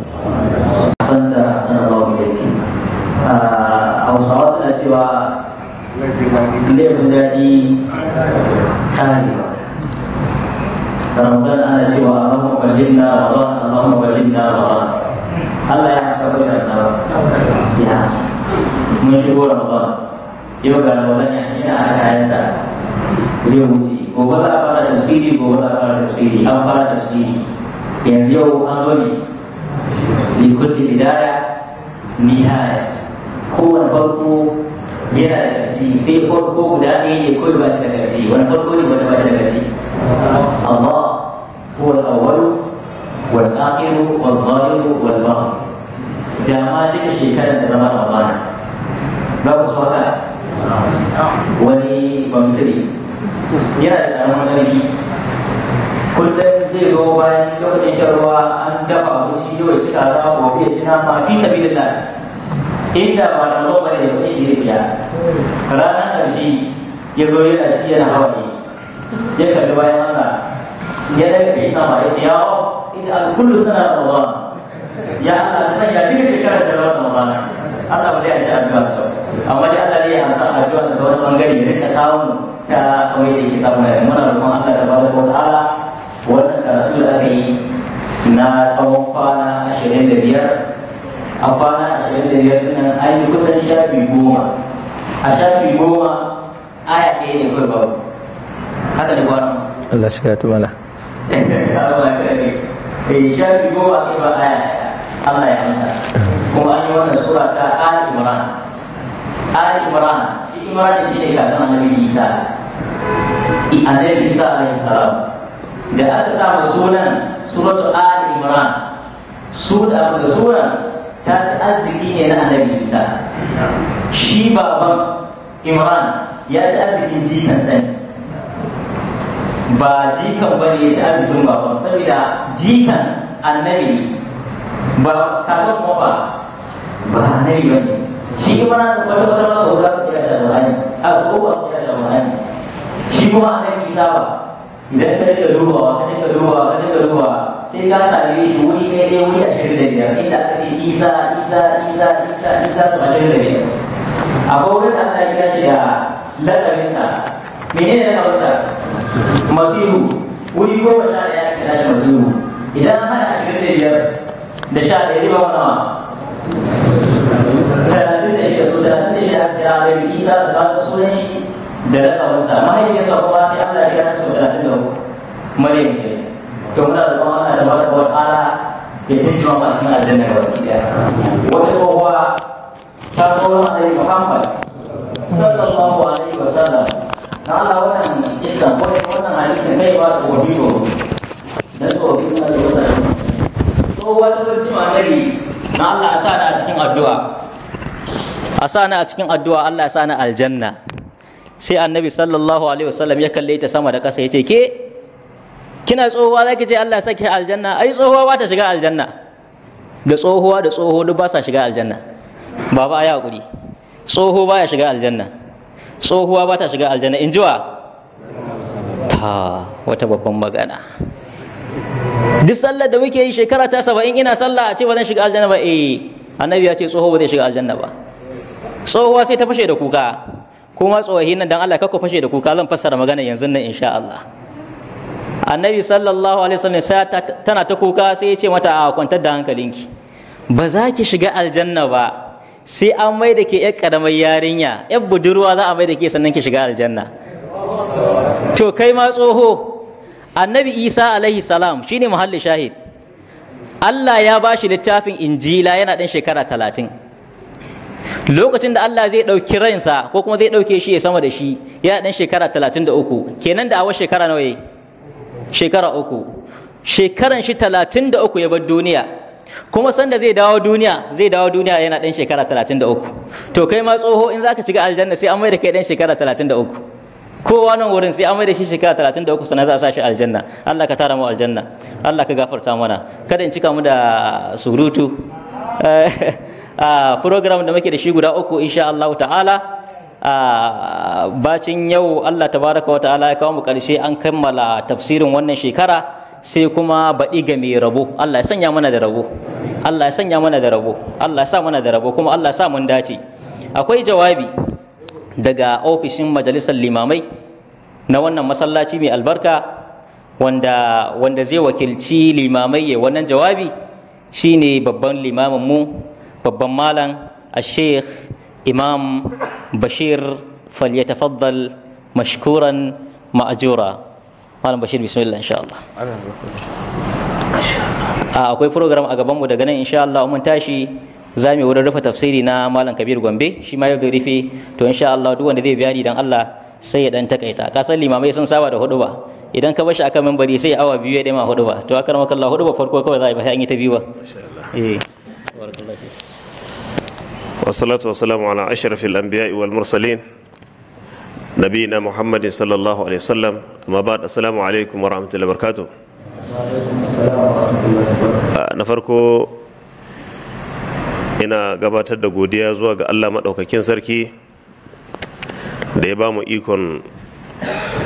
ah, hausawa suna cewa laifin daɗi karewa ramadan ana cewa allahumma ballin na ramadan allahumma ballin na ramadan allah ya hasa ko ya hasa ya hasa mun shigo ramadan yau ga ramadan ya ina a kayansa zai wuce gobe za a fara tafsiri gobe an fara tafsiri yanzu yau an zo ne likulli hidaya nihaya kowane farko yana da ƙarshe sai farko guda ɗaya ne kawai ba da ƙarshe wani farko ne wanda ba da jama'a da zama Ramadana za wani bamsiri yana da ƙaramin ɗari. kullum zai zo bayan lokacin shan ruwa an dafa abinci yau ya ci kaza gobe ya ci nama fi sabilillah inda ba da ruwa bane da kuɗi shi ya siya ranar ƙarshe ya zo yana ci yana hawa ne ya kalli bayan Allah ya daga kai sama ya ce ya ita kullu sana Allah ya Allah ta sanya duka shekarar da rawar Ramadan Allah ba dai a sha addu'a sau amma dai Allah ne ya amsa addu'a ta wani bangare ya rinka samu ta wai da ke samu yadda muna Allah da bada ko ta'ala wannan karatu na ashirin a kwana ashirin kusan shafi goma a shafi goma aya ɗaya ne kawai babu haka ne Allah shi ya tumala shafi goma ake ba aya Allah ya amsa kuma an yi wannan sura ta Ali Imran Ali Imran shi Imran shi ne kasan annabi Isa annabi Isa alaihi salam da aka samu sunan suratu Ali Imran su da da suran ta ci arziki ne na annabi Isa shi baban Imran ya ci arzikin jikan sani ba jikan ba ne ya ci arzikin baban saboda jikan annabi ba kakan kuma ba ba annabi ba ne shi imran wata wata masa wata kira da ruhani a kowa kira da ruhani shi kuma a nan isa ba idan ka rika dubawa ka rika dubawa ka rika dubawa sai ka same shi wuri wuri ashirin da biyar inda aka ce isa isa isa isa isa su akwai wurin da aka kira da lakabinsa menene lakabinsa masihu wuri goma sha ɗaya aka kira shi masihu idan an haɗa ashirin da biyar da sha ɗaya zai nama. tun da ya zo da tun da ya kira annabi isa da ba su sunan shi da lakabinsa mahaifiyarsa kuma sai Allah ya kira sau talatin da uku maryam ke to muna da ban Allah tabaraka ya ta Muhammad sallallahu alaihi wa sallam na Allah wannan isan ko wannan hadisin kai ba dan tsofi na da wannan tsohuwa ta zo cima annabi na Allah a a cikin addu'a a sani a cikin addu'a Allah ya sani aljanna sai annabi sallallahu alaihi wasallam ya kalle ta sama da ƙasa ya ce ke kina tsohuwa za ki ce Allah ya saki aljanna ai tsohuwa ba ta shiga aljanna ga tsohuwa da tsoho duk ba sa shiga aljanna baba ayi hakuri tsoho ba ya shiga aljanna tsohuwa ba ta shiga aljanna in jiwa ta wata babban magana duk sallar da muke yi shekara ta saba'in ina sallah a ce ba zan shiga aljanna ba eh annabi ya ce tsoho ba zai shiga aljanna ba tsohuwa sai ta fashe da kuka kuma tsohuwa nan dan Allah kakku fashe da kuka zan fassara magana yanzu nan insha Allah annabi sallallahu alaihi wasallam sai tana ta kuka sai ya ce mata a kwantar da hankalinki ba za ki shiga aljanna ba sai an mai da ke yar karamar yarinya yar budurwa za a mai da ke sannan ki shiga aljanna to kai ma tsoho annabi isa alaihi salam shine muhalli shahid Allah ya ba shi littafin injila yana ɗan shekara talatin lokacin da Allah zai ɗauki ransa ko kuma zai ɗauke shi ya sama da shi yana ɗan shekara talatin da uku kenan da awa shekara nawa shekara uku shekaran shi talatin da uku ya bar duniya kuma sanda zai dawo duniya zai dawo duniya yana ɗan shekara talatin da uku to kai ma tsoho in zaka shiga aljanna sai an mai da kai ɗan shekara talatin da uku kowa nan wurin sai an mai da shi shekara talatin da uku sannan za a sa shi aljanna Allah ka tara mu aljanna Allah ka gafarta mana kada in cika mu da surutu eh, Ah, program da muke da shi guda uku insha Allah ta'ala ah, bacin yau Allah tabaraka wa ta'ala ya kawo mu karshe an kammala tafsirin wannan shekara sai kuma baɗi ga mai rabo Allah ya sanya mana da rabo Allah ya sanya mana da rabo Allah ya sa mana da rabo kuma Allah ya sa mun dace akwai jawabi daga ofishin majalisar limamai na wannan masallaci mai albarka wanda wanda zai wakilci limamai ya wannan jawabi shine babban limamin mu babban malam a sheikh imam bashir falyatafaddal mashkuran ma'ajura malam bashir bismillah insha Allah ah, akwai program a gabanmu daga nan insha Allah mun tashi za mu wurin rufe tafsiri na malam kabir gombe shi ma yau da rufe to insha Allah duk wanda zai bayani dan Allah sai ya dan takaita ka san limamai sun saba da hudu ba idan ka bashi akan minbari sai awa biyu ya dai ma hudu ba to akar maka Allah hudu ba farko kawai za a yi ba sai an yi ta biyu ba eh والصلاة والسلام على أشرف الأنبياء والمرسلين نبينا محمد صلى الله عليه وسلم أما بعد السلام عليكم na farko ina gabatar da godiya zuwa ga allah maɗaukakin sarki da ya ba mu ikon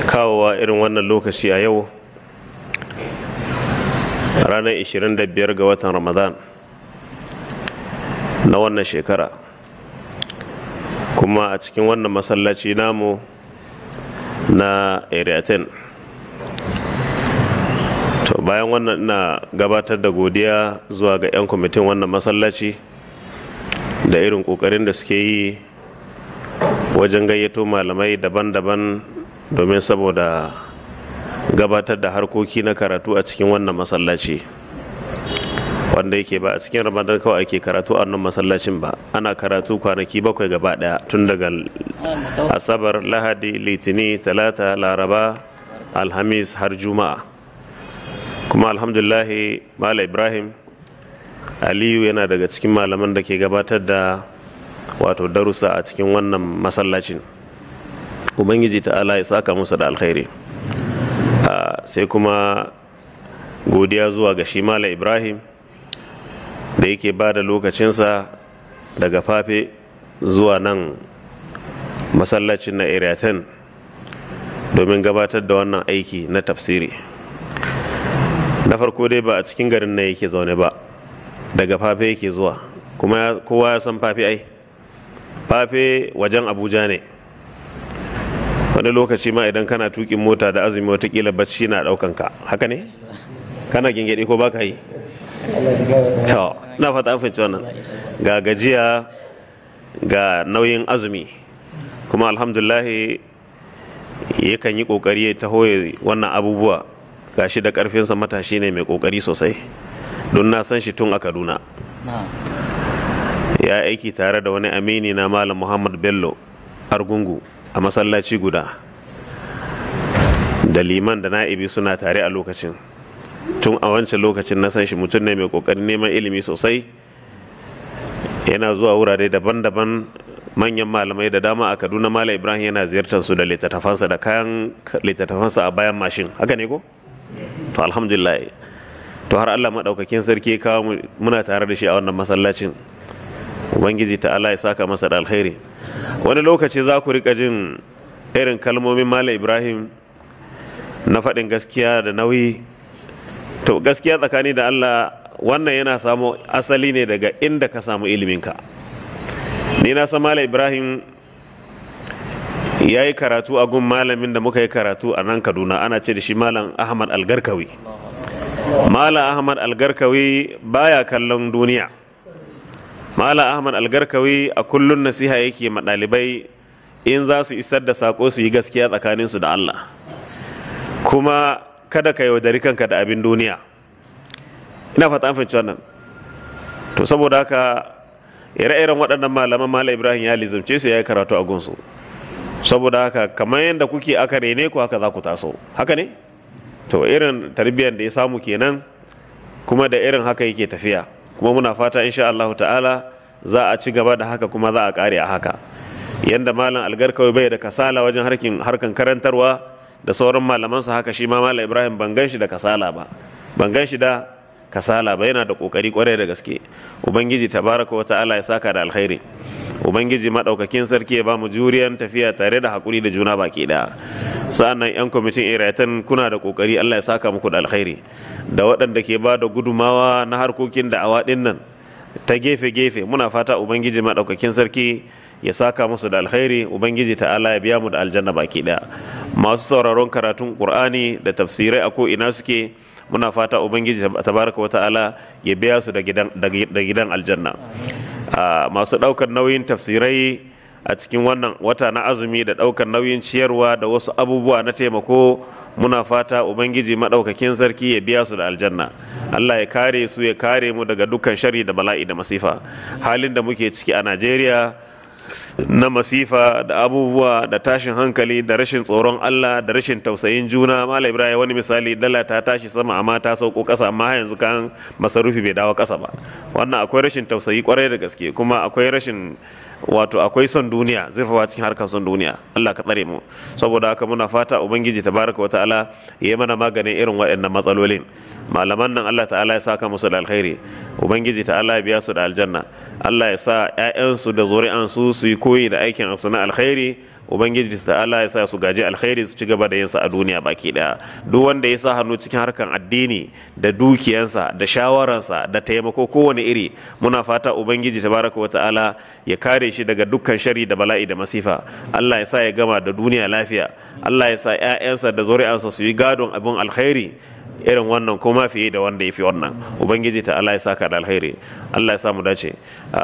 kawowa irin wannan lokaci a yau ranar 25 ga watan ramadan na wannan shekara kuma a cikin wannan masallaci namu na area 10 to bayan wannan ina gabatar da godiya zuwa ga 'yan kwamitin wannan masallaci da irin kokarin da suke yi wajen gayyato malamai daban-daban domin saboda gabatar da harkoki na karatu a cikin wannan masallaci wanda yake ba a cikin ramadan kawai ake karatu a nan masallacin ba ana karatu kwanaki bakwai gaba daya tun daga asabar lahadi litini talata laraba alhamis har juma'a kuma alhamdulahi mala ibrahim aliyu yana daga cikin malaman da ke gabatar da wato darussa a cikin wannan masallacin ubangiji ala ya saka musu da alkhairi ah, sai kuma godiya zuwa ga shi mala ibrahim da yake ba da lokacinsa daga fafe zuwa nan masallacin na area 10 domin gabatar da wannan aiki na tafsiri na farko dai ba a cikin garin na yake zaune ba daga fafe yake zuwa kuma kowa ya san fafe ai fafe wajen abuja ne wani lokaci ma idan kana tukin mota da azumi watakila bacci na daukanka haka ne kana gingedi ko baka yi to na fata an wannan ga gajiya ga nauyin azumi kuma alhamdulahi kan yi kokari ya taho wannan abubuwa ga shi da karfinsa matashi ne mai kokari sosai don na san shi tun a kaduna ya aiki tare da wani amini na malam muhammad bello argungu a masallaci guda da liman da na'ibi suna tare a lokacin tun a wancan lokacin na san shi mutum ne mai kokarin neman ilimi sosai yana zuwa wurare daban-daban manyan malamai da dama a kaduna malam ibrahim yana ziyartar su da littattafansa da kayan littattafansa a bayan mashin haka ne ko to alhamdulillah to har allah maɗaukakin sarki kawo muna tare da shi a wannan masallacin ubangiji ta allah ya saka masa da alkhairi wani lokaci za ku rika jin irin kalmomin malam ibrahim na faɗin gaskiya da nauyi to gaskiya tsakani da Allah wannan yana samo asali ne daga inda ka samu iliminka ni na san malam ibrahim ya yi karatu a gun malamin da muka yi karatu a nan kaduna ana ce da shi malam ahmad algarkawi malam ahmad algarkawi baya kallon duniya malam ahmad algarkawi a kullun nasiha yake ma ɗalibai in za su isar da sako su yi gaskiya tsakaninsu da allah kuma kada ka yaudari kanka da abin duniya ina fata an fahimci wannan to saboda haka ire-iren waɗannan malaman malam ibrahim ya lizimce su ya yi karatu a gunsu saboda haka kamar yadda kuke aka rene ku haka za ku taso haka ne to irin tarbiyyar da ya samu kenan kuma da irin haka yake tafiya kuma muna fata insha Allah ta'ala za a ci gaba da haka kuma za a kare a haka yadda malam algar kawai bai da kasala wajen harkin harkan karantarwa da sauran malamansa haka shi ma Malam ibrahim ban gan shi da kasala ba ban gan shi da kasala ba yana da kokari kwarai da gaske ubangiji tabaraka wa ta'ala ya saka da alkhairi ubangiji madaukakin sarki ya ba mu juriyan tafiya tare da hakuri da juna baki daya sa'annan yan kwamitin iratan kuna da kokari Allah ya saka muku da alkhairi da waɗanda ke ba da gudumawa na harkokin da'awa awa nan ta gefe gefe muna fata ubangiji madaukakin sarki ya saka musu da alkhairi ubangiji ta ala ya biya mu da aljanna baki daya masu sauraron karatun qur'ani da tafsirai a ko ina suke muna fata ubangiji tabaraka wata'ala ya biya su da gidan aljanna masu ɗaukar nauyin tafsirai a cikin wannan wata na azumi da ɗaukar nauyin ciyarwa da wasu abubuwa na taimako muna fata ubangiji maɗaukakin sarki ya biya su da aljanna allah ya kare su ya kare mu daga dukkan shari da bala'i da masifa halin da muke ciki a najeriya na masifa da abubuwa da tashin hankali da rashin tsoron Allah da rashin tausayin juna malam ibrahim wani misali dala ta tashi sama amma ta sauko kasa amma yanzu kan masarufi bai dawo kasa ba wannan akwai rashin tausayi kwarai da gaske kuma akwai rashin wato akwai son duniya zai fawa cikin harkar son duniya Allah ka tsare mu saboda haka muna fata ubangiji tabaraka wataala ya yi mana maganin irin waɗannan matsalolin malaman nan Allah ta'ala ya saka musu da alkhairi ubangiji ta'ala ya biya su da aljanna Allah ya sa 'ya'yansu da zuri'ansu su yi koyi da aikin su na alkhairi ubangiji ta'ala ya sa su gaji alkhairi su ci gaba da yinsa a duniya baki daya duk wanda ya sa hannu cikin harkan addini da dukiyansa da shawararsa da taimako kowane iri muna fata ubangiji tabaraka wata'ala ya kare shi daga dukkan shari da bala'i da masifa Allah ya sa ya gama da duniya lafiya Allah ya sa 'ya'yansa da zuri'ansa su yi gadon abin alkhairi irin wannan ko ma fiye da wanda ya fi wannan ubangiji ta Allah ya saka da alheri Allah ya samu dace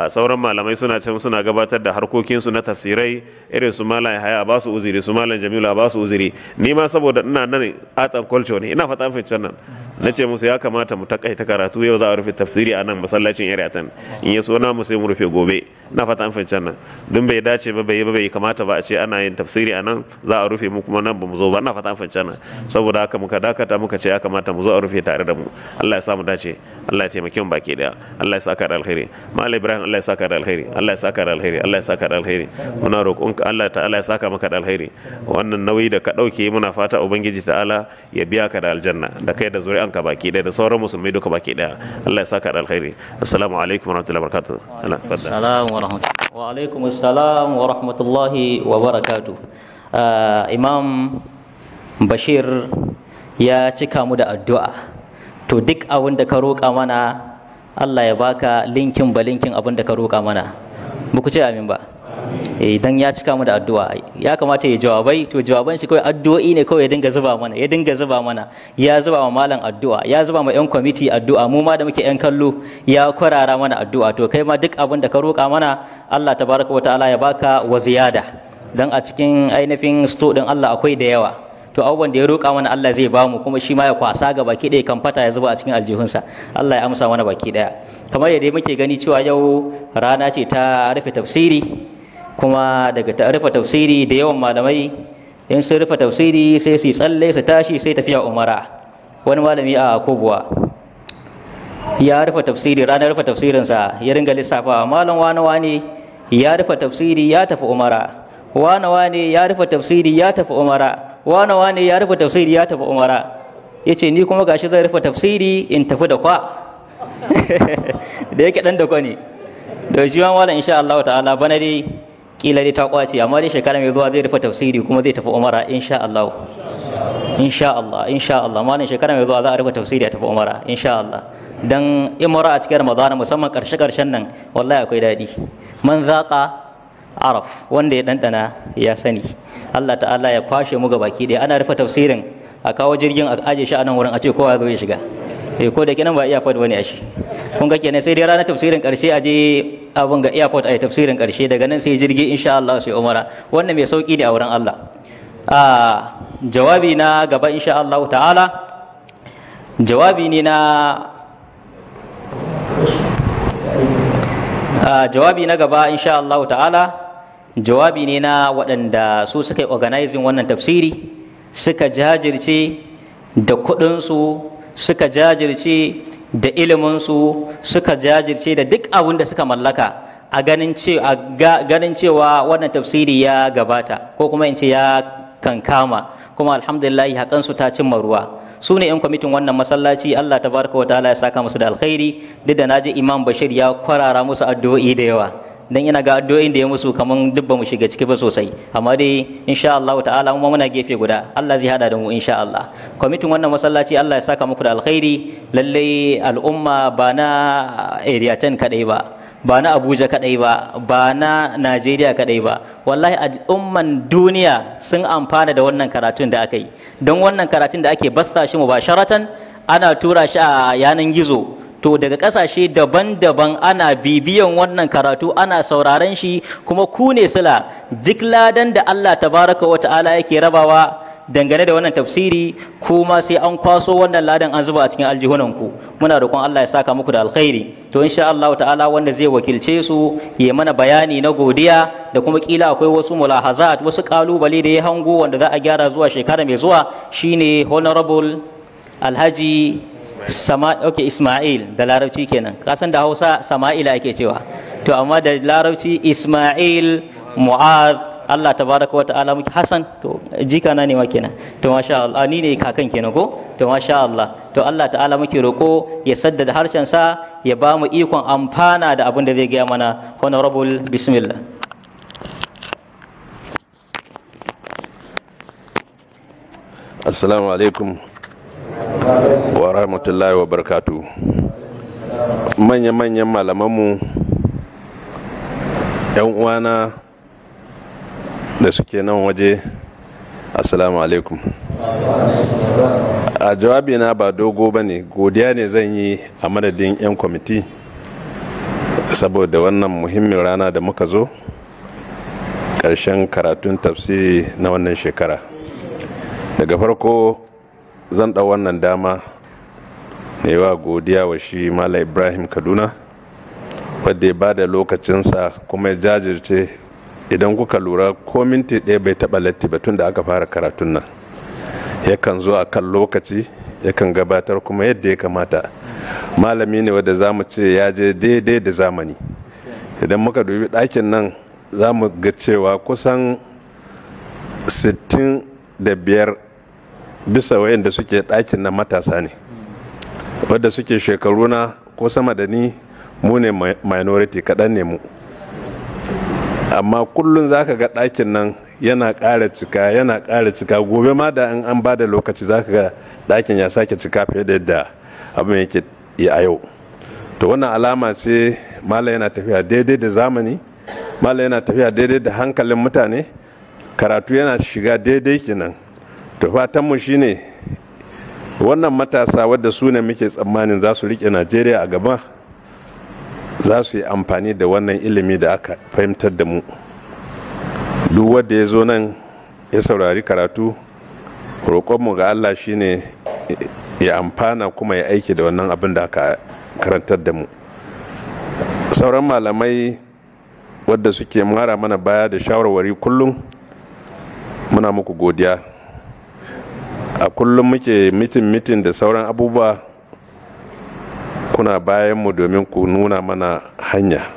sauran malamai suna can suna gabatar da harkokinsu na tafsirai irin su malam haya ba su uziri su malam jamilu ba su uziri ni ma saboda ina nan atan culture ne ina fata fahimci nan na ce musu ya kamata mu takaita karatu yau za a rufe tafsiri a nan masallacin yaratan in ya in yi mu sai mu rufe gobe na fata an fahimci nan dun bai dace ba bai bai kamata ba a ce ana yin tafsiri a nan za a rufe mu kuma nan ba mu zo ba na fata an fahimci nan saboda haka muka dakata muka ce ya kamata mu zo a rufe tare da mu Allah ya sa mu dace Allah ya taimake mu baki daya Allah ya saka da alheri mallam Ibrahim Allah ya saka da alheri Allah ya saka da alheri Allah ya saka da alheri muna roƙon Allah ta'ala ya saka maka da alheri wannan nauyi da ka dauke muna fata ubangiji ta'ala ya biya ka da aljanna da kai da zuri'a Iran ka baki ɗaya da sauran musulmi duka baki ɗaya Allah ya saka da alkhairi assalamu alaikum warahmatullahi wabarakatuh assalamu warahmatullahi wa alaikum assalam wa rahmatullahi wa barakatuh ah, imam bashir ya cika mu da addu'a to duk abin da ka roƙa mana Allah ya baka linkin ba linkin abin da ka roƙa mana muku ce amin ba idan eh, ya cika mu da addu'a ya kamata ya jawabai to jawaban shi kawai addu'o'i ne kawai ya dinga zuba mana ya dinga zuba mana ya zuba ma malam addu'a ya zuba ma yan kwamiti addu'a mu ma da muke yan kallo ya kwarara mana addu'a to kai ma duk abin da ka roƙa mana Allah tabaraka wa ta'ala ya baka wa ziyada dan a cikin ainihin sto din Allah akwai da yawa to abubuwan da ya roƙa mana Allah zai ba mu kuma shi ma ya kwasa ga baki ɗaya kan fata ya zuba a cikin aljihunsa Allah ya amsa mana baki ɗaya kamar yadda muke gani cewa yau rana ce ta rufe tafsiri kuma daga ta rufe tafsiri da yawan malamai in sun rufe tafsiri sai su tsalle su tashi sai tafiya umara wani malami a kubuwa ya rufe tafsiri ranar rufe tafsirinsa ya ringa lissafa malam wani wani ya rufe tafsiri ya tafi umara wani wani ya rufe tafsiri ya tafi umara wani wani ya rufe tafsiri ya tafi umara ya ce ni kuma gashi zai rufe tafsiri in tafi da kwa da yake dan da kwa ne da shi wani wani insha Allah ta'ala bana dai kila dai ta kwace amma dai shekara mai zuwa zai rufe tafsiri kuma zai tafi umara insha Allah insha Allah insha Allah malam shekara mai zuwa za a rufe tafsiri a tafi umara insha Allah dan umara a cikin Ramadan musamman karshe karshen nan wallahi akwai dadi man zaqa araf wanda ya dandana ya sani Allah ta'ala ya kwashe mu ga baki ɗaya ana rufe tafsirin a kawo jirgin a aje shi a nan wurin a ce kowa zo ya shiga eh ko da kenan ba airport bane shi, kun ga kenan sai dai ranar tafsirin karshe aje abun ga airport ai tafsirin karshe daga nan sai jirgi insha Allah sai umara wannan mai sauki a wurin Allah a jawabi na gaba insha Allah ta'ala jawabi ne na a jawabi na gaba insha Allah ta'ala jawabi ne na waɗanda su suka yi organizing wannan tafsiri suka jajirce da kuɗinsu suka jajirce da iliminsu suka jajirce da duk abin da suka mallaka a ganin cewa wannan tafsiri ya gabata ko kuma in ce ya kankama kuma alhamdulillah haƙansu ta cimma ruwa su ne 'yan kwamitin wannan masallaci Allah ta baraka wa ta'ala ya saka musu da alkhairi duk da na ji imam bashir ya kwarara musu addu'o'i da yawa dan ina ga addu'o'in da ya musu kaman duk mu shiga ciki ba sosai amma dai insha Allah ta'ala mu muna gefe guda Allah zai hada da mu insha Allah kwamitin wannan masallaci Allah ya saka muku da alkhairi lalle al'umma ba na area 10 kadai ba ba na Abuja kadai ba ba na Najeriya kadai ba wallahi al'umman duniya sun amfana da wannan karatun da aka yi don wannan karatun da ake bassa shi mubasharatan ana tura shi a yanan gizo to daga ƙasashe daban-daban ana bibiyan wannan karatu ana sauraron shi kuma ku ne sula duk ladan da Allah tabaraka wa ta'ala yake rabawa dangane da wannan tafsiri kuma sai an kwaso wannan ladan an zuba a cikin aljihunan ku muna roƙon Allah ya saka muku da alkhairi to insha Allah ta'ala wanda zai wakilce su ya mana bayani na godiya da kuma kila akwai wasu mulahazat wasu kalubale da ya hango wanda za a gyara zuwa shekara mai zuwa shine honorable Alhaji sama ok isma'il da larabci kenan ka san da hausa sama'ila ake cewa to amma da larabci isma'il mu'ad Allah tabaraka wata'ala muke Hassan to jika na ne ma kenan to masha Allah ni ne kakan kenan ko to masha Allah to Allah ta'ala muke roko ya saddada harshen sa ya ba mu ikon amfana da abin da zai gaya mana honorable bismillah assalamu alaikum wa rahmatullahi wa barkatu manya-manyan malamanmu yan uwana da suke nan waje assalamu alaikum a jawabina ba dogo ba ne godiya ne zan yi a madadin 'yan kwamiti saboda wannan muhimmin rana da muka zo ƙarshen karatun tafsiri na wannan shekara daga farko zan ɗau wannan dama ne wa godiya wa shi mala ibrahim kaduna wadda ya ba da lokacinsa kuma ya jajirce idan kuka lura ko minti ɗaya bai taɓa latti ba tun da aka fara karatun nan yakan zo a kan lokaci yakan gabatar kuma yadda ya kamata malami ne wadda za mu ce ya je daidai da zamani idan muka dubi ɗakin nan za mu ga cewa kusan 65 bisa wayanda suke ɗakin na matasa ne wadda suke shekaru na ko sama da ni mu ne minority kaɗan ne mu amma kullum za ka ga ɗakin nan yana ƙara cika yana ƙara cika gobe ma da an ba da lokaci za ka ga ɗakin ya sake cika fiye da yadda abin yake a yau to wannan alama ce mala yana tafiya daidai da zamani mala yana tafiya daidai da hankalin mutane karatu yana shiga daidai kenan to fatanmu shine wannan matasa wadda su ne muke tsammanin za su rike najeriya a gaba za su yi amfani da wannan ilimi da aka fahimtar da mu duk wadda ya zo nan ya saurari karatu roƙonmu ga allah shine ya amfana kuma ya aiki da wannan abin da aka karantar da mu sauran malamai wadda suke mara mana baya da shawarwari kullum muna muku godiya a kullum muke mitin mitin da sauran abubuwa kuna bayan mu domin ku nuna mana hanya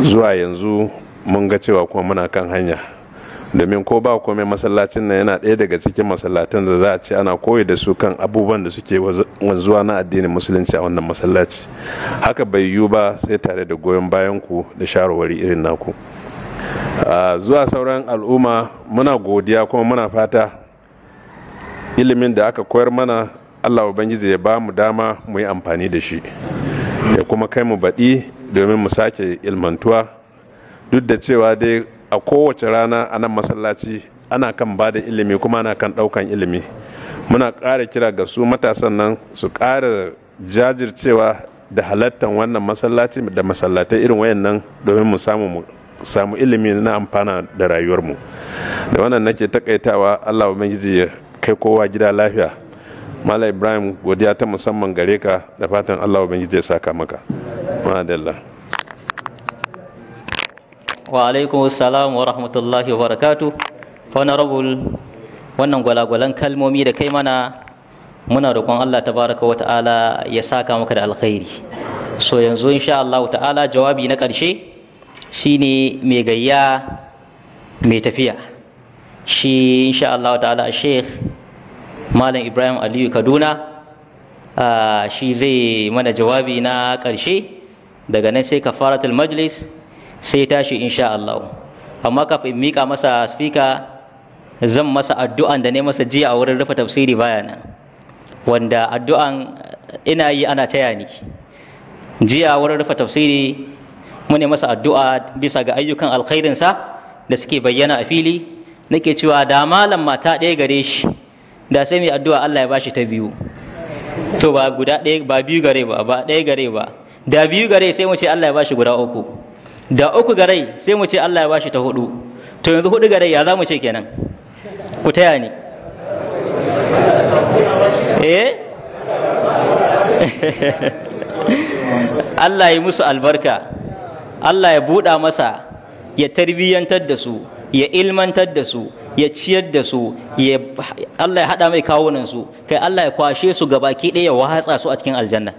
zuwa yanzu mun ga cewa kuma muna kan hanya domin ko ba komai masallacin nan yana ɗaya daga cikin masallatan da za a ce ana koyi da su kan abubuwan da suke wanzuwa na addinin musulunci a wannan masallaci haka bai yiwu ba sai tare da goyon bayan ku da shawarwari irin naku zuwa sauran al'umma muna godiya kuma muna fata ilimin da aka koyar mana allah ubangiji ya ba mu dama mu yi amfani da shi ya kuma kai mu baɗi domin mu sake ilmantuwa duk da cewa dai a kowace rana a nan masallaci ana kan ba da ilimi kuma ana kan ɗaukan ilimi muna ƙara kira ga su matasan nan su ƙara jajircewa da halattan wannan masallaci da masallatai irin wayannan domin mu samu mu samu ilimi na amfana da rayuwarmu da wannan nake takaitawa allah ubangiji ya kai kowa gida lafiya mala ibrahim godiya ta musamman gare ka da fatan allah ubangiji ya saka maka madalla wa alaikum assalam wa rahmatullahi wa barakatu honorable wannan gwalagwalan kalmomi da kai mana muna roƙon allah baraka wa ta'ala ya saka maka da alkhairi so yanzu insha allah ta'ala jawabi na ƙarshe shine mai gayya mai tafiya shi insha Allah ta'ala sheikh malam ibrahim aliyu kaduna ah, shi zai mana jawabi na ƙarshe daga nan sai kafaratul majlis sai tashi insha Allah amma kafin mika masa spika zan masa addu'an da ne masa jiya a wurin rufe tafsiri baya nan wanda addu'an ina yi ana taya ni jiya a wurin rufe tafsiri mune masa addu'a bisa ga ayyukan alkhairinsa da suke bayyana a fili nake cewa da malam mata ɗaya gare shi da sai mai addu'a Allah ya bashi ta biyu to ba guda ɗaya ba biyu gare ba ba ɗaya gare ba da biyu gare sai mu ce Allah ya bashi guda uku da uku gare sai mu ce Allah ya bashi ta hudu to yanzu hudu gare ya za mu ce kenan ku taya ni eh Allah ya musu albarka Allah ya buɗa masa ya tarbiyyantar da su ya ilmantar da su ya ciyar da su ya Allah ya hada mai kawunan su kai Allah ya kwashe su gabaki ɗaya ya watsa su a cikin aljanna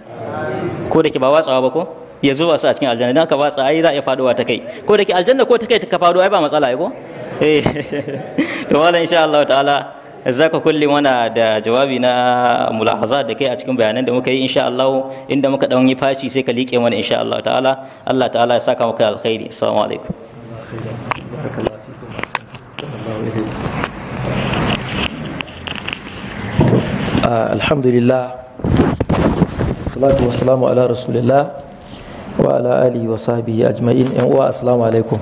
ko da ke ba watsawa ba ko ya zuba su a cikin aljanna idan ka watsa ai za a iya faduwa ta kai ko da ke aljanna ko ta kai ta faɗo ai ba matsala ai ko eh to wala insha Allah ta'ala zaka kulli mana da jawabi na mulahaza da kai a cikin bayanan da muka yi insha Allah inda muka dan yi fashi sai ka liƙe mana insha Allah ta'ala Allah ta'ala ya saka maka alkhairi assalamu alaikum خيرا بارك الله فيكم وأحسن صلى الله إليكم الحمد لله والصلاة والسلام على رسول الله وعلى آله وصحبه أجمعين السلام عليكم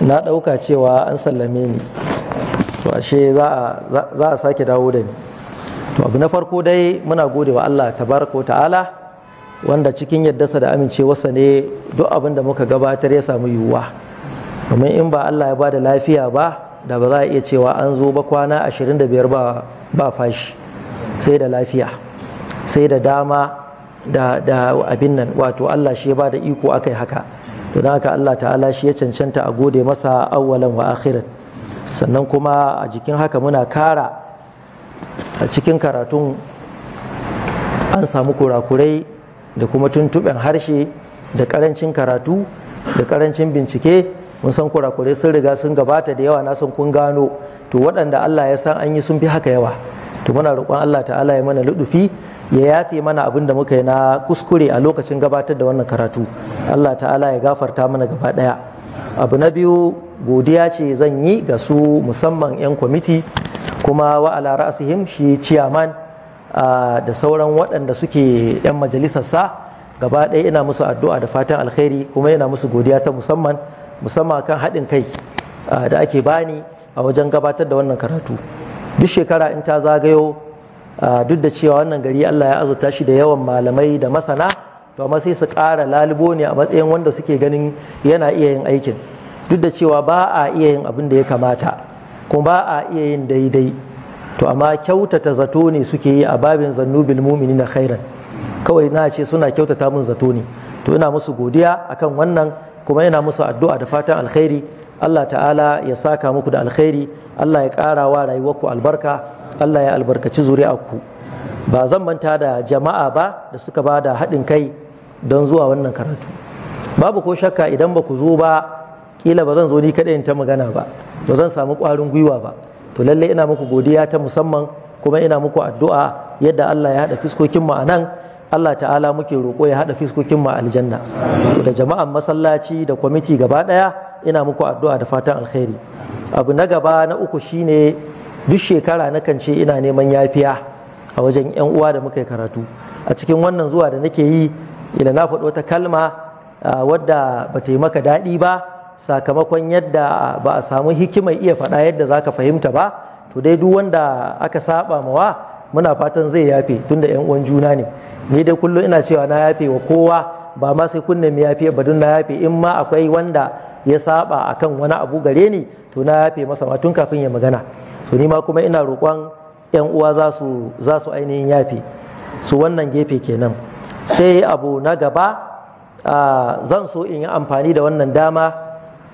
na ɗauka cewa an sallame ni to ashe za a sake dawo da ni to abu na farko dai muna gode wa Allah tabaraka ta'ala wanda cikin sa da amincewarsa ne duk abin da muka gabatar ya samu yiwuwa domin in ba Allah ya ba da lafiya ba da ba za a iya cewa an zo ba kwana 25 ba ba fashi sai da lafiya sai da dama da abin nan wato Allah shi ya ba da iko akai haka to don haka Allah ta'ala shi ya cancanta a gode masa awwalan wa akhirat sannan kuma a jikin haka muna kara a cikin karatun an samu kurakurai da kuma tuntuɓen harshe da ƙarancin karatu da ƙarancin bincike mun san kurakurai sun riga sun gabata da yawa na san kun gano to waɗanda Allah ya san an yi sun fi haka yawa to muna roƙon Allah ta'ala ya mana ludufi ya yafe mana abin da muka yi na kuskure a lokacin gabatar da wannan karatu Allah ta'ala ya gafarta mana gaba ɗaya abu na biyu godiya ce zan yi ga su musamman 'yan kwamiti kuma wa ala ra'asihim shi ciyaman da sauran waɗanda suke 'yan majalisarsa gaba ɗaya ina musu addu'a da fatan alkhairi kuma yana musu godiya ta musamman musamman kan haɗin kai da ake bani a wajen gabatar da wannan karatu duk shekara in ta zagayo duk da cewa wannan gari Allah ya azurta shi da yawan malamai da masana to amma sai su kara lalubo ne a matsayin wanda suke ganin yana iya yin aikin duk da cewa ba a iya yin abin da ya kamata kuma ba a iya yin daidai to amma kyautata zato ne suke yi a babin zannubil na khairan kawai na ce suna kyautata mun zato ne to ina musu godiya akan wannan kuma yana musu addu'a da fatan alkhairi Allah ta'ala ya saka muku da alkhairi Allah ya ƙara wa rayuwarku albarka Allah ya albarkaci zuri'arku ba zan manta da jama'a ba da suka ba da haɗin kai don zuwa wannan karatu babu ko shakka idan ba ku zo ba kila ba zan zo ni kaɗai in ta magana ba ba zan samu ƙwarin gwiwa ba to lalle ina muku godiya ta musamman kuma ina muku addu'a yadda Allah ya haɗa fiskokin mu nan, Allah ta'ala muke roƙo ya haɗa fiskokin mu aljanna to da jama'an masallaci da kwamiti gaba ɗaya ina muku addu'a da fatan alkhairi abu na gaba na uku shine duk shekara nakan ce ina neman yafiya a wajen yan uwa da muka karatu a cikin wannan zuwa da nake yi ila na faɗo wata kalma wadda ba ta yi maka daɗi ba sakamakon yadda ba a samu hikimar iya faɗa yadda za ka fahimta ba to dai duk wanda aka saba mawa muna fatan zai yafe tunda yan uwan juna ne ni dai kullum ina cewa na yafe wa kowa ba ma sai kunne mu yafe ba na yafe in ma akwai wanda ya saba akan wani abu gare ni to na yafe masa ma tun kafin ya magana to ni ma kuma ina roƙon yan uwa za su za su ainihin yafe su wannan gefe kenan sai abu na gaba ah, zan so in yi amfani da wannan dama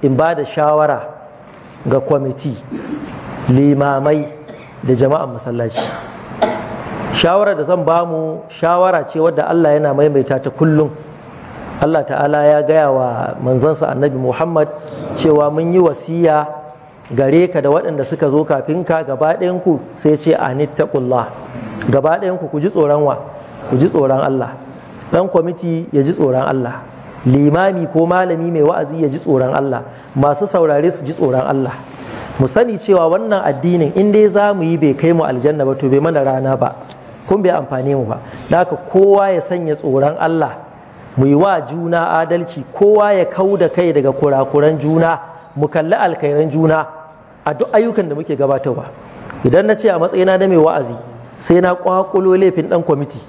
in ba da shawara ga kwamiti limamai da jama'an masallaci shawara da zan bamu shawara ce wadda Allah yana maimaita ta kullum Allah ta'ala ya gaya wa manzansa annabi Muhammad cewa mun yi wasiya gare ka da waɗanda suka zo kafin ka gaba ɗayanku sai ce anittaqullah gaba ɗayanku ku ji tsoron wa ku ji tsoron Allah Ɗan kwamiti ya ji tsoron Allah limami ko malami mai wa'azi ya ji tsoron Allah masu saurare su ji tsoron Allah mu sani cewa wannan addinin in dai za mu yi bai kai mu aljanna ba to bai mana rana ba kun bai amfane mu ba haka kowa ya sanya tsoron Allah mu yi wa juna adalci kowa ya kau da kai daga kurakuran juna mu kalli alkairan juna a duk ayyukan da muke gabatarwa idan na ce a matsayina na mai wa'azi sai na kwakulo laifin dan kwamiti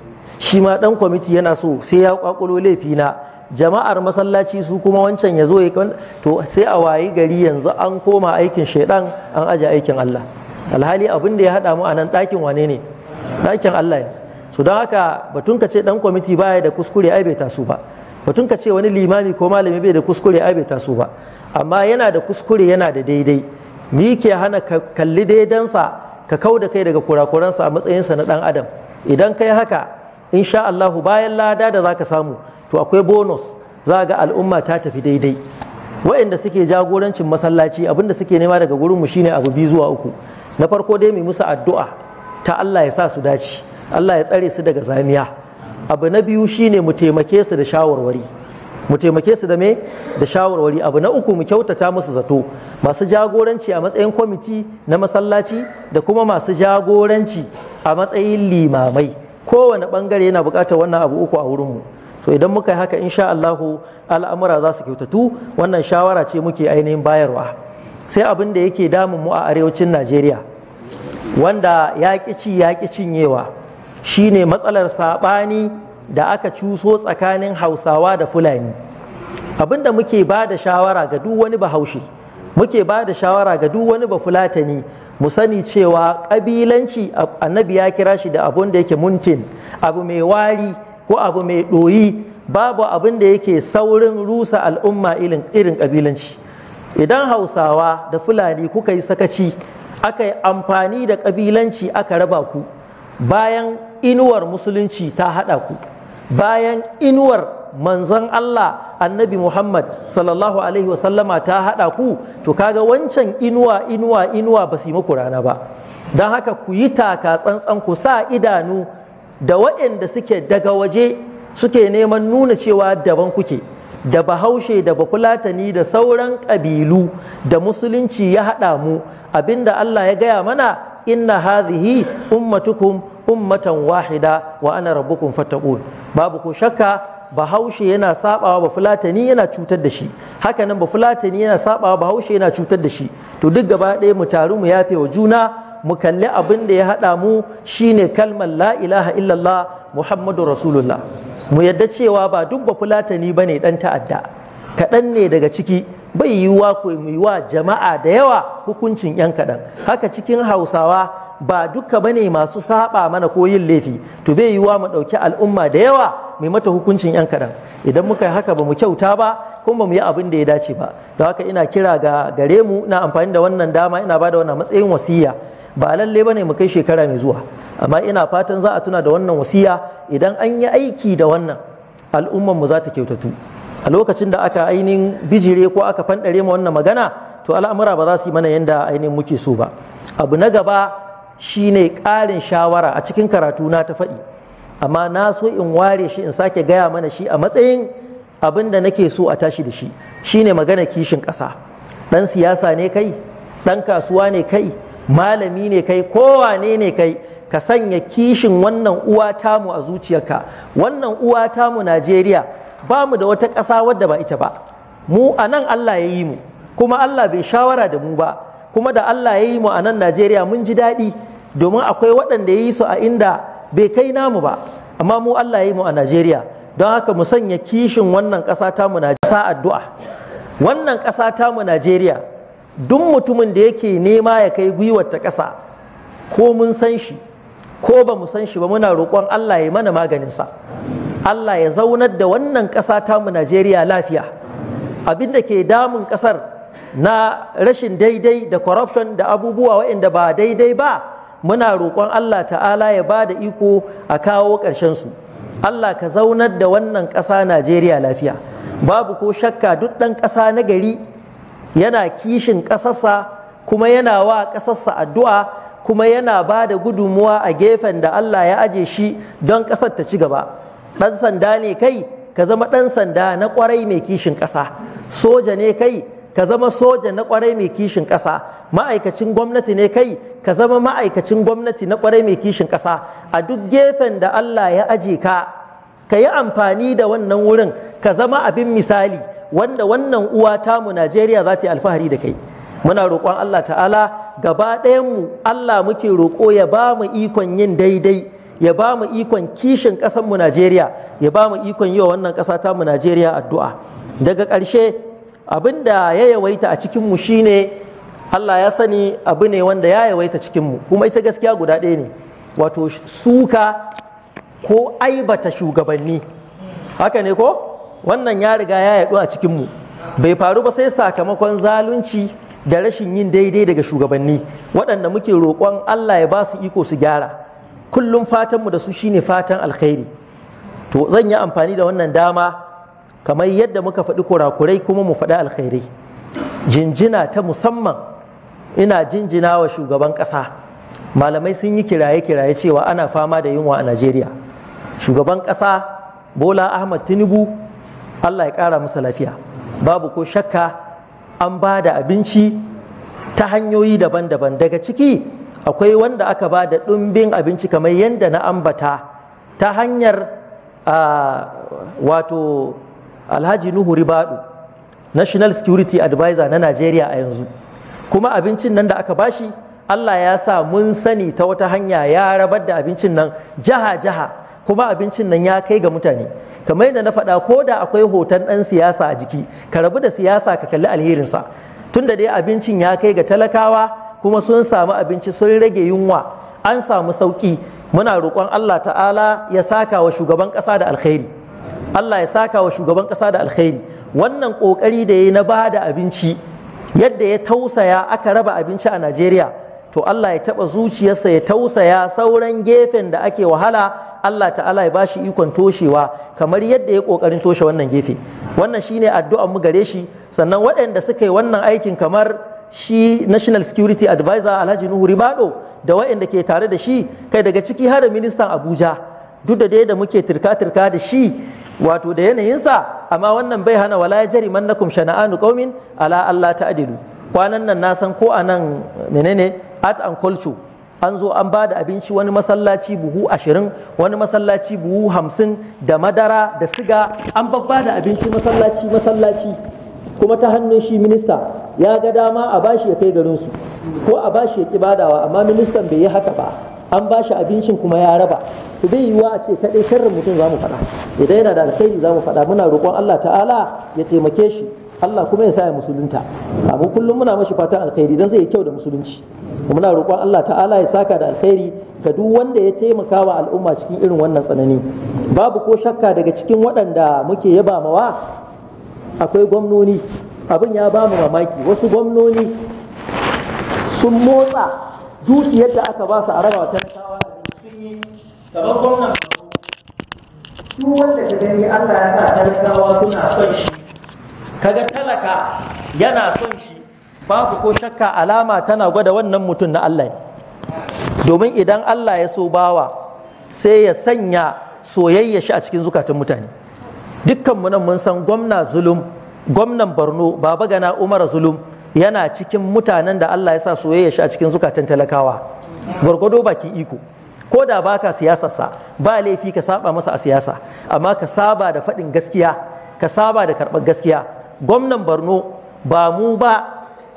shi ma dan kwamiti yana so sai ya kwakulo laifi na jama'ar masallaci su kuma wancan ya zo ya to sai a wayi gari yanzu an koma aikin shaidan an aje aikin Allah alhali abin da ya haɗa mu anan nan ɗakin wane ne ɗakin Allah ne so don haka batun ka ce ɗan kwamiti baya da kuskure ai bai taso ba batun ka ce wani limami ko malami bai da kuskure ai bai taso ba amma yana da kuskure yana da daidai mi ke hana ka kalli daidansa ka kau da kai daga kurakuransa a matsayinsa na ɗan adam idan kai haka insha Allahu bayan lada da zaka samu to akwai bonus za ga al'umma ta tafi daidai waɗanda suke jagorancin masallaci abinda suke nema daga gurin mu shine abu biyu zuwa uku na farko dai mu musu addu'a ta Allah ya sa su dace Allah ya tsare su daga zamiya abu na biyu shine mu taimake su da shawarwari mu taimake su da me da shawarwari abu na uku mu kyautata musu zato masu jagoranci a matsayin kwamiti na masallaci da kuma masu jagoranci a matsayin limamai kowane bangare yana bukatar wannan abu uku a wurinmu so idan muka yi haka insha Allahu al'amura za su kyautatu wannan shawara ce muke ainihin bayarwa sai abin da yake damun mu a arewacin Najeriya wanda ya ci ya cinyewa shine matsalar saɓani da aka cuso tsakanin Hausawa da Fulani abin da muke ba da shawara ga duk wani bahaushe muke ba da shawara ga duk wani bafulatani mu sani cewa ƙabilanci annabi ya kira shi da abun da yake muntin abu mai wari ko abu mai ɗoyi babu abun da yake saurin rusa al'umma irin ƙabilanci idan hausawa da fulani kuka yi sakaci aka yi amfani da ƙabilanci aka raba ku bayan inuwar musulunci ta haɗa ku bayan inuwar manzon Allah annabi Muhammad sallallahu alaihi wasallama ta haɗa ku to kaga wancan inuwa inuwa inuwa ba su yi muku rana ba Dan haka ku yi taka tsantsan ku sa idanu da waɗanda suke daga waje suke neman nuna cewa daban kuke da bahaushe da bakulatani da sauran kabilu da musulunci ya haɗa mu abinda Allah ya gaya mana inna hadhihi ummatukum ummatan wahida wa ana rabbukum fattaqun babu ku shakka bahaushe yana sabawa ba fulatani yana cutar da shi haka nan ba fulatani yana sabawa bahaushe yana cutar da shi to duk gaba ɗaya mu taru mu yafe wa juna mu kalli abin da ya haɗa mu shine kalmar la ilaha illallah muhammadu rasulullah mu yadda cewa ba duk ba fulatani ba ne ɗan ta'adda kaɗan ne daga ciki bai yiwuwa ko mu yi wa jama'a da yawa hukuncin 'yan kaɗan haka cikin hausawa ba duka bane masu saba mana ko yin laifi to bai yiwa mu ɗauki al'umma da yawa mai mata hukuncin yan kaɗan idan muka yi haka ba mu kyauta ba kuma ba mu yi abin da ya dace ba Da haka ina kira ga gare mu na amfani da wannan dama ina bada da wannan matsayin wasiya ba lalle ba ne mu kai shekara mai zuwa amma ina fatan za a tuna da wannan wasiya idan an yi aiki da wannan al'ummar mu za ta kyautatu a lokacin da aka ainihin bijire ko aka fanɗare ma wannan magana to al'amura ba za su yi mana yanda ainihin muke so ba abu na gaba shine ƙarin shawara a cikin karatu na ta faɗi amma na so in ware shi in sake gaya mana shi a matsayin abin da nake so a tashi da shi shine magana kishin ƙasa ɗan siyasa ne kai ɗan kasuwa ne kai malami ne kai kowane ne kai ka sanya kishin wannan uwa tamu a zuciyarka wannan uwa tamu najeriya ba mu da wata ƙasa wadda ba ita ba mu anan allah ya yi mu kuma allah bai shawara da mu ba kuma da allah ya yi mu a nan najeriya mun ji daɗi domin akwai waɗanda ya yi su a inda bai kai namu ba amma mu Allah ya yi mu a Najeriya don haka mu sanya kishin wannan ƙasa ta mu Najeriya addu'a wannan ƙasa ta mu Najeriya duk mutumin da yake nema ya kai gwiwar ta ƙasa ko mun san shi ko ba mu san shi ba muna roƙon Allah ya mana maganin sa. Allah ya zaunar da wannan ƙasa ta mu Najeriya lafiya abin da ke damun ƙasar na rashin daidai da corruption da abubuwa waɗanda ba daidai ba muna roƙon Allah ta'ala ya ba da iko a kawo ƙarshen su Allah ka zaunar da wannan ƙasa Najeriya lafiya babu ko shakka duk ɗan ƙasa na gari yana kishin ƙasarsa kuma yana wa ƙasarsa addu'a kuma yana ba da gudunmuwa a gefen da Allah ya aje shi don ƙasar ta ci gaba ɗan sanda ne kai ka zama ɗan sanda na ƙwarai mai kishin ƙasa soja ne kai ka zama soja na kwarai mai kishin ƙasa ma'aikacin gwamnati ne kai ka zama ma'aikacin gwamnati na kwarai mai kishin ƙasa a duk gefen da Allah ya aje ka ka yi amfani da wannan wurin ka zama abin misali wanda wannan uwa tamu Najeriya za ta yi alfahari da kai muna roƙon Allah ta'ala gaba ɗayan mu Allah muke roƙo ya ba mu ikon yin daidai ya ba mu ikon kishin mu Najeriya ya ba mu ikon yi wa wannan ƙasa tamu Najeriya addu'a daga ƙarshe abin da ya yawaita a cikinmu mu shine Allah ya sani abu ne wanda ya yawaita cikinmu. kuma ita gaskiya guda ɗaya ne wato suka ko aibata shugabanni haka ne ko wannan ya riga ya yaɗu a cikinmu bai faru ba sai sakamakon zalunci da rashin yin daidai daga shugabanni waɗanda muke roƙon Allah ya ba su iko su gyara kullum fatanmu da su shine fatan alkhairi to zan yi amfani da wannan dama kamar yadda muka faɗi kurakurai kuma mu faɗi alkhairai jinjina ta musamman ina jinjina wa shugaban ƙasa malamai sun yi kiraye-kiraye cewa ana fama da yunwa a najeriya shugaban ƙasa bola ahmad tinubu allah ya ƙara masa lafiya babu ko shakka an ba da abinci ta hanyoyi daban-daban daga ciki akwai wanda aka ba da ɗumbin abinci kamar yadda na ambata ta hanyar ah, wato alhaji nuhu ribadu national security Adviser na najeriya a yanzu kuma abincin nan da aka bashi allah ya sa mun sani ta wata hanya ya rabar da abincin nan jiha-jiha. kuma abincin nan ya kai ga mutane kamar yadda na faɗa ko da akwai hoton ɗan siyasa a jiki ka rabu da siyasa ka kalli alherinsa tunda dai abincin ya kai ga talakawa kuma sun samu abinci sun rage yunwa an samu sauƙi muna roƙon allah ta'ala ya saka wa shugaban ƙasa da alkhairi Allah ya saka wa shugaban ƙasa da alkhairi wannan ƙoƙari da ya na ba da abinci yadda ya tausaya aka raba abinci a Najeriya to Allah ya taɓa zuciyarsa ya tausaya sauran gefen da ake wahala Allah ta'ala ya bashi ikon toshewa kamar yadda ya ƙoƙarin toshe wannan gefe wannan shine addu'an mu gare shi sannan waɗanda suka yi wannan aikin kamar shi National Security Adviser Alhaji Nuhu Ribado da waɗanda ke tare da shi kai daga ciki har da ministan Abuja duk da dai da muke turka turka da shi wato da yanayinsa amma wannan bai hana wala ya jari mannakum shana'anu qaumin ala Allah ta'dilu kwanan nan na san ko anan menene art and culture an zo an ba da abinci wani masallaci buhu ashirin wani masallaci buhu hamsin da madara da siga an babba da abinci masallaci masallaci kuma ta hannun shi minista ya ga dama a bashi ya kai garinsu ko a bashi ya ki amma ministan bai yi haka ba an ba shi abincin kuma ya raba to bai yiwa a ce kaɗai sharrin mutum za mu faɗa idan yana da alkhairi za mu faɗa muna roƙon Allah ta'ala ya taimake shi Allah kuma ya sa ya musulunta amma kullum muna mashi fatan alkhairi dan zai yi kyau da musulunci muna roƙon Allah ta'ala ya saka da alkhairi ga duk wanda ya taimaka wa al'umma cikin irin wannan tsanani babu ko shakka daga cikin waɗanda muke yaba mawa akwai gwamnoni abin ya ba mu mamaki wasu gwamnoni sun motsa dukiyar da aka ba su a raba wata tawa sun yi kamar gwamnan duk wanda ka gani Allah ya sa talakawa suna son shi kaga talaka yana son shi babu ko shakka alama tana gwada wannan mutum na Allah domin idan Allah ya so bawa sai ya sanya soyayya shi a cikin zukatan mutane dukkanmu nan mun san gwamna zulum gwamnan Borno baba gana Umar zulum yana cikin mutanen da Allah ya sa soyayya shi a cikin zukatan talakawa gwargwado baki iko ko da baka siyasarsa ba laifi ka saba masa a siyasa amma ka saba da faɗin gaskiya ka saba da karɓar gaskiya gwamnan Borno ba mu ba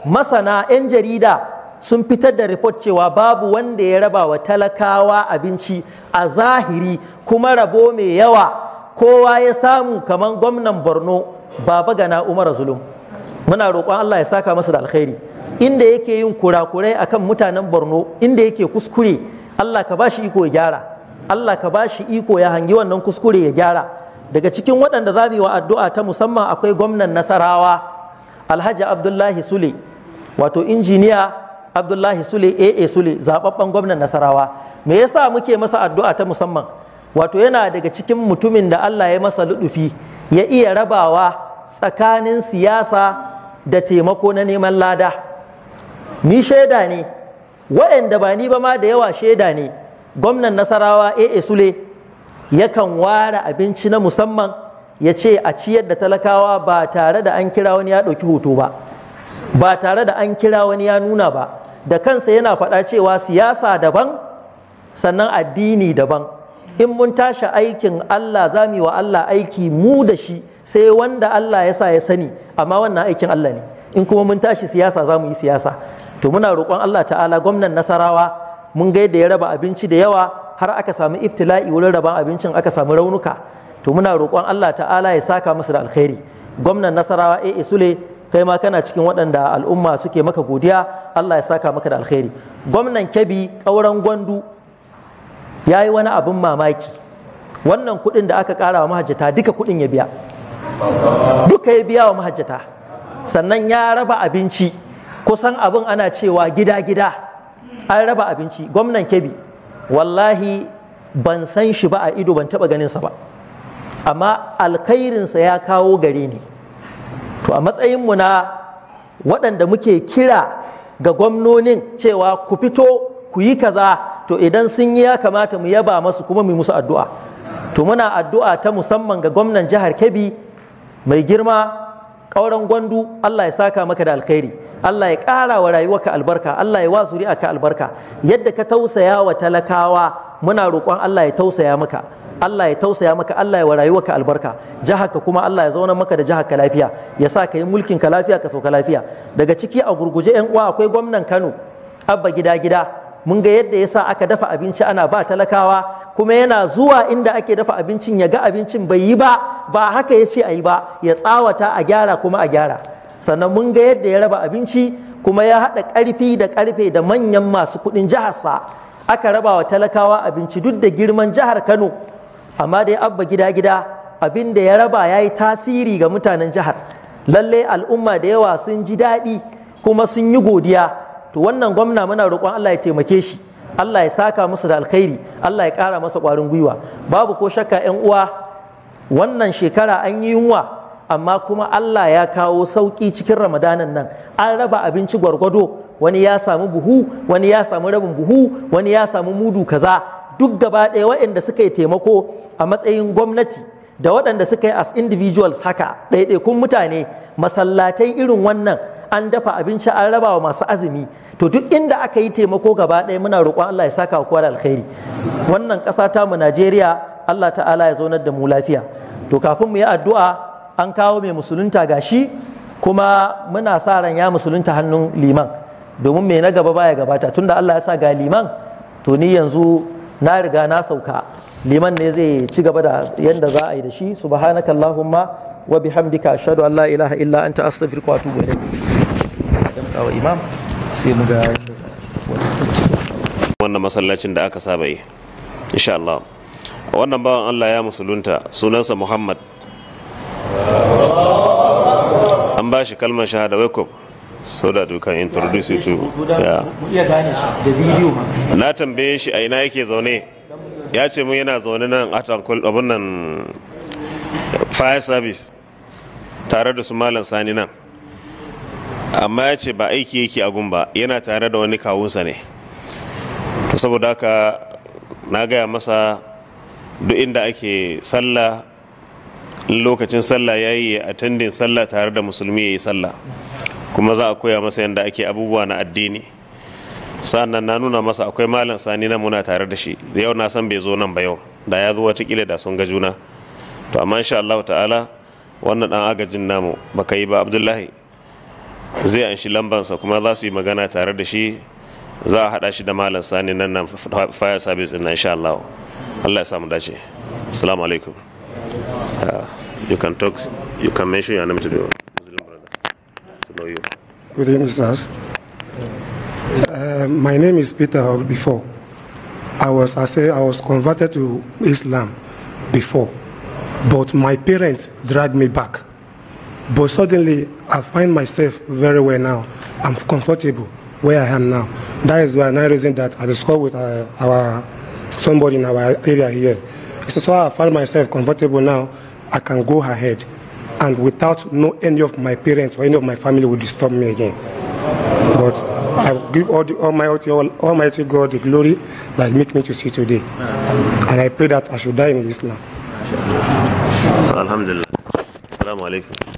masana 'yan jarida sun fitar da report cewa babu wanda ya raba wa talakawa abinci a zahiri kuma rabo mai yawa kowa ya samu kamar gwamnan borno baba gana umar zulum muna roƙon Allah ya saka masa da alkhairi inda yake yin kurakurai akan mutanen Borno inda yake kuskure Allah ka bashi iko ya gyara Allah ka bashi iko ya hangi wannan kuskure ya gyara daga cikin waɗanda za mu yi wa addu'a ta musamman akwai gwamnan Nasarawa Alhaji Abdullahi Sule wato injiniya Abdullahi Sule AA Sule zababben gwamnan Nasarawa me yasa muke masa addu'a ta musamman wato yana daga cikin mutumin da Allah ya masa ludufi ya iya rabawa tsakanin siyasa da taimako na neman lada ni shaida ne waɗanda ba ni ba ma da yawa shaida ne gwamnan nasarawa AA Sule yakan ware abinci na musamman ya ce a ciyar da talakawa ba tare da an kira wani ya ɗauki hoto ba ba tare da an kira wani ya nuna ba da kansa yana faɗa cewa siyasa daban sannan addini daban in mun tashi aikin Allah za mu yi wa Allah aiki mu da shi sai wanda Allah ya sa ya sani amma wannan aikin Allah ne in kuma mun tashi siyasa za mu yi siyasa to muna roƙon Allah ta'ala gwamnan nasarawa mun ga yadda ya raba abinci da yawa har aka samu ibtila'i wurin raban abincin aka samu raunuka to muna roƙon Allah ta'ala ya saka musu da alkhairi gwamnan nasarawa AA Sule kai ma kana cikin waɗanda al'umma suke maka godiya Allah ya saka maka da alkhairi gwamnan Kebbi ƙauren Gwandu ya yi wani abin mamaki wannan kuɗin da aka ƙara wa mahajjata duka kuɗin ya biya duka ya biya wa mahajjata sannan ya raba abinci kusan abin ana cewa gida-gida an raba abinci gwamnan kebi wallahi ban san shi ba a ido ban taba ganinsa ba amma alkhairinsa ya kawo gare ni to a matsayinmu na waɗanda muke kira ga gwamnonin cewa ku fito ku yi kaza to idan sun yi ya kamata mu yaba masu kuma mu yi musu addu'a to muna addu'a ta musamman ga gwamnan jihar kebbi mai girma ƙauren gwandu Allah ya saka maka da alkhairi Allah ya ƙara wa rayuwarka albarka Allah ya wasu ka albarka yadda ka tausaya wa talakawa muna roƙon Allah ya tausaya maka Allah ya tausaya maka Allah ya wa rayuwarka albarka jahaka kuma Allah ya zauna maka da jahaka lafiya ya sa ka yi mulkin ka lafiya ka sauka lafiya daga ciki a gurguje yan uwa akwai gwamnan Kano abba gida gida mun ga yadda ya sa aka dafa abinci ana ba talakawa kuma yana zuwa inda ake dafa abincin ya ga abincin bai yi ba ba haka ya ce a yi ba ya tsawata a gyara kuma a gyara sannan mun ga yadda ya raba abinci kuma ya haɗa ƙarfi da ƙarfe da manyan masu kuɗin jiharsa aka raba wa talakawa abinci duk da girman jihar kano amma dai abba gida gida abin da ya raba ya yi tasiri ga mutanen jihar lallai al'umma da yawa sun ji daɗi kuma sun yi godiya to wannan gwamna muna roƙon allah ya taimake shi Allah ya saka musu da alkhairi Allah ya kara masa ƙwarin gwiwa babu ko shakka 'yan uwa wannan shekara an yi yunwa amma kuma Allah ya kawo sauƙi cikin ramadanan nan an raba abinci gwargwado wani ya samu buhu wani ya samu rabin buhu wani ya samu mudu kaza duk gaba ɗaya waɗanda suka yi taimako a matsayin gwamnati da waɗanda suka yi as individuals haka ɗaiɗaikun mutane masallatai irin wannan an dafa abinci an raba wa masu azumi to duk inda aka yi taimako gaba ɗaya muna roƙon Allah ya saka kowa da alkhairi wannan ƙasa ta mu Najeriya Allah ta'ala ya zaunar da mu lafiya to kafin mu yi addu'a an kawo mai musulunta gashi kuma muna sa ran ya musulunta hannun liman domin mai na gaba baya gabata tunda Allah ya sa ga liman to ni yanzu na riga na sauka liman ne zai ci gaba da yanda za a yi da shi subhanakallahumma wa bihamdika ashhadu an la ilaha illa anta astaghfiruka wa atubu ilaik sai mu ga wannan masallacin da aka saba yi insha Allah wannan bawan Allah ya musulunta sunansa Muhammad an ba shi kalmar shahada wake up so that we can introduce you to na tambaye shi a ina yake zaune ya ce mu yana zaune nan atankul abun nan fire service tare da su malam sani nan amma ya ce ba aiki yake a ba yana tare da wani kawunsa ne to saboda haka na gaya masa duk inda ake sallah lokacin sallah ya yi attending sallah tare da musulmi ya yi sallah kuma za a koya masa yadda ake abubuwa na addini sannan na nuna masa akwai malam sani na muna tare da shi yau na san bai zo nan ba yau da ya zo watakila da sun ga juna to amma insha Allah ta'ala wannan dan agajin namu baka yi ba abdullahi zai anshi lambansa kuma za su yi magana tare da shi za a haɗa shi da malam sani nan nan fire service ɗin insha Allah Allah ya samu dace assalamu alaikum uh, you can talk you can mention your name to the Muslim brothers to know you good evening sirs uh, my name is Peter before I was I say I was converted to Islam before but my parents dragged me back but suddenly, I find myself very well now. I'm comfortable where I am now. That is why another reason that I discussed with our, uh, our, somebody in our area here. So, so I find myself comfortable now. I can go ahead, and without no any of my parents or any of my family will disturb me again. But I give all the Almighty, all, Almighty God the glory that make me to see today, and I pray that I should die in Islam. Alhamdulillah. Assalamu alaikum.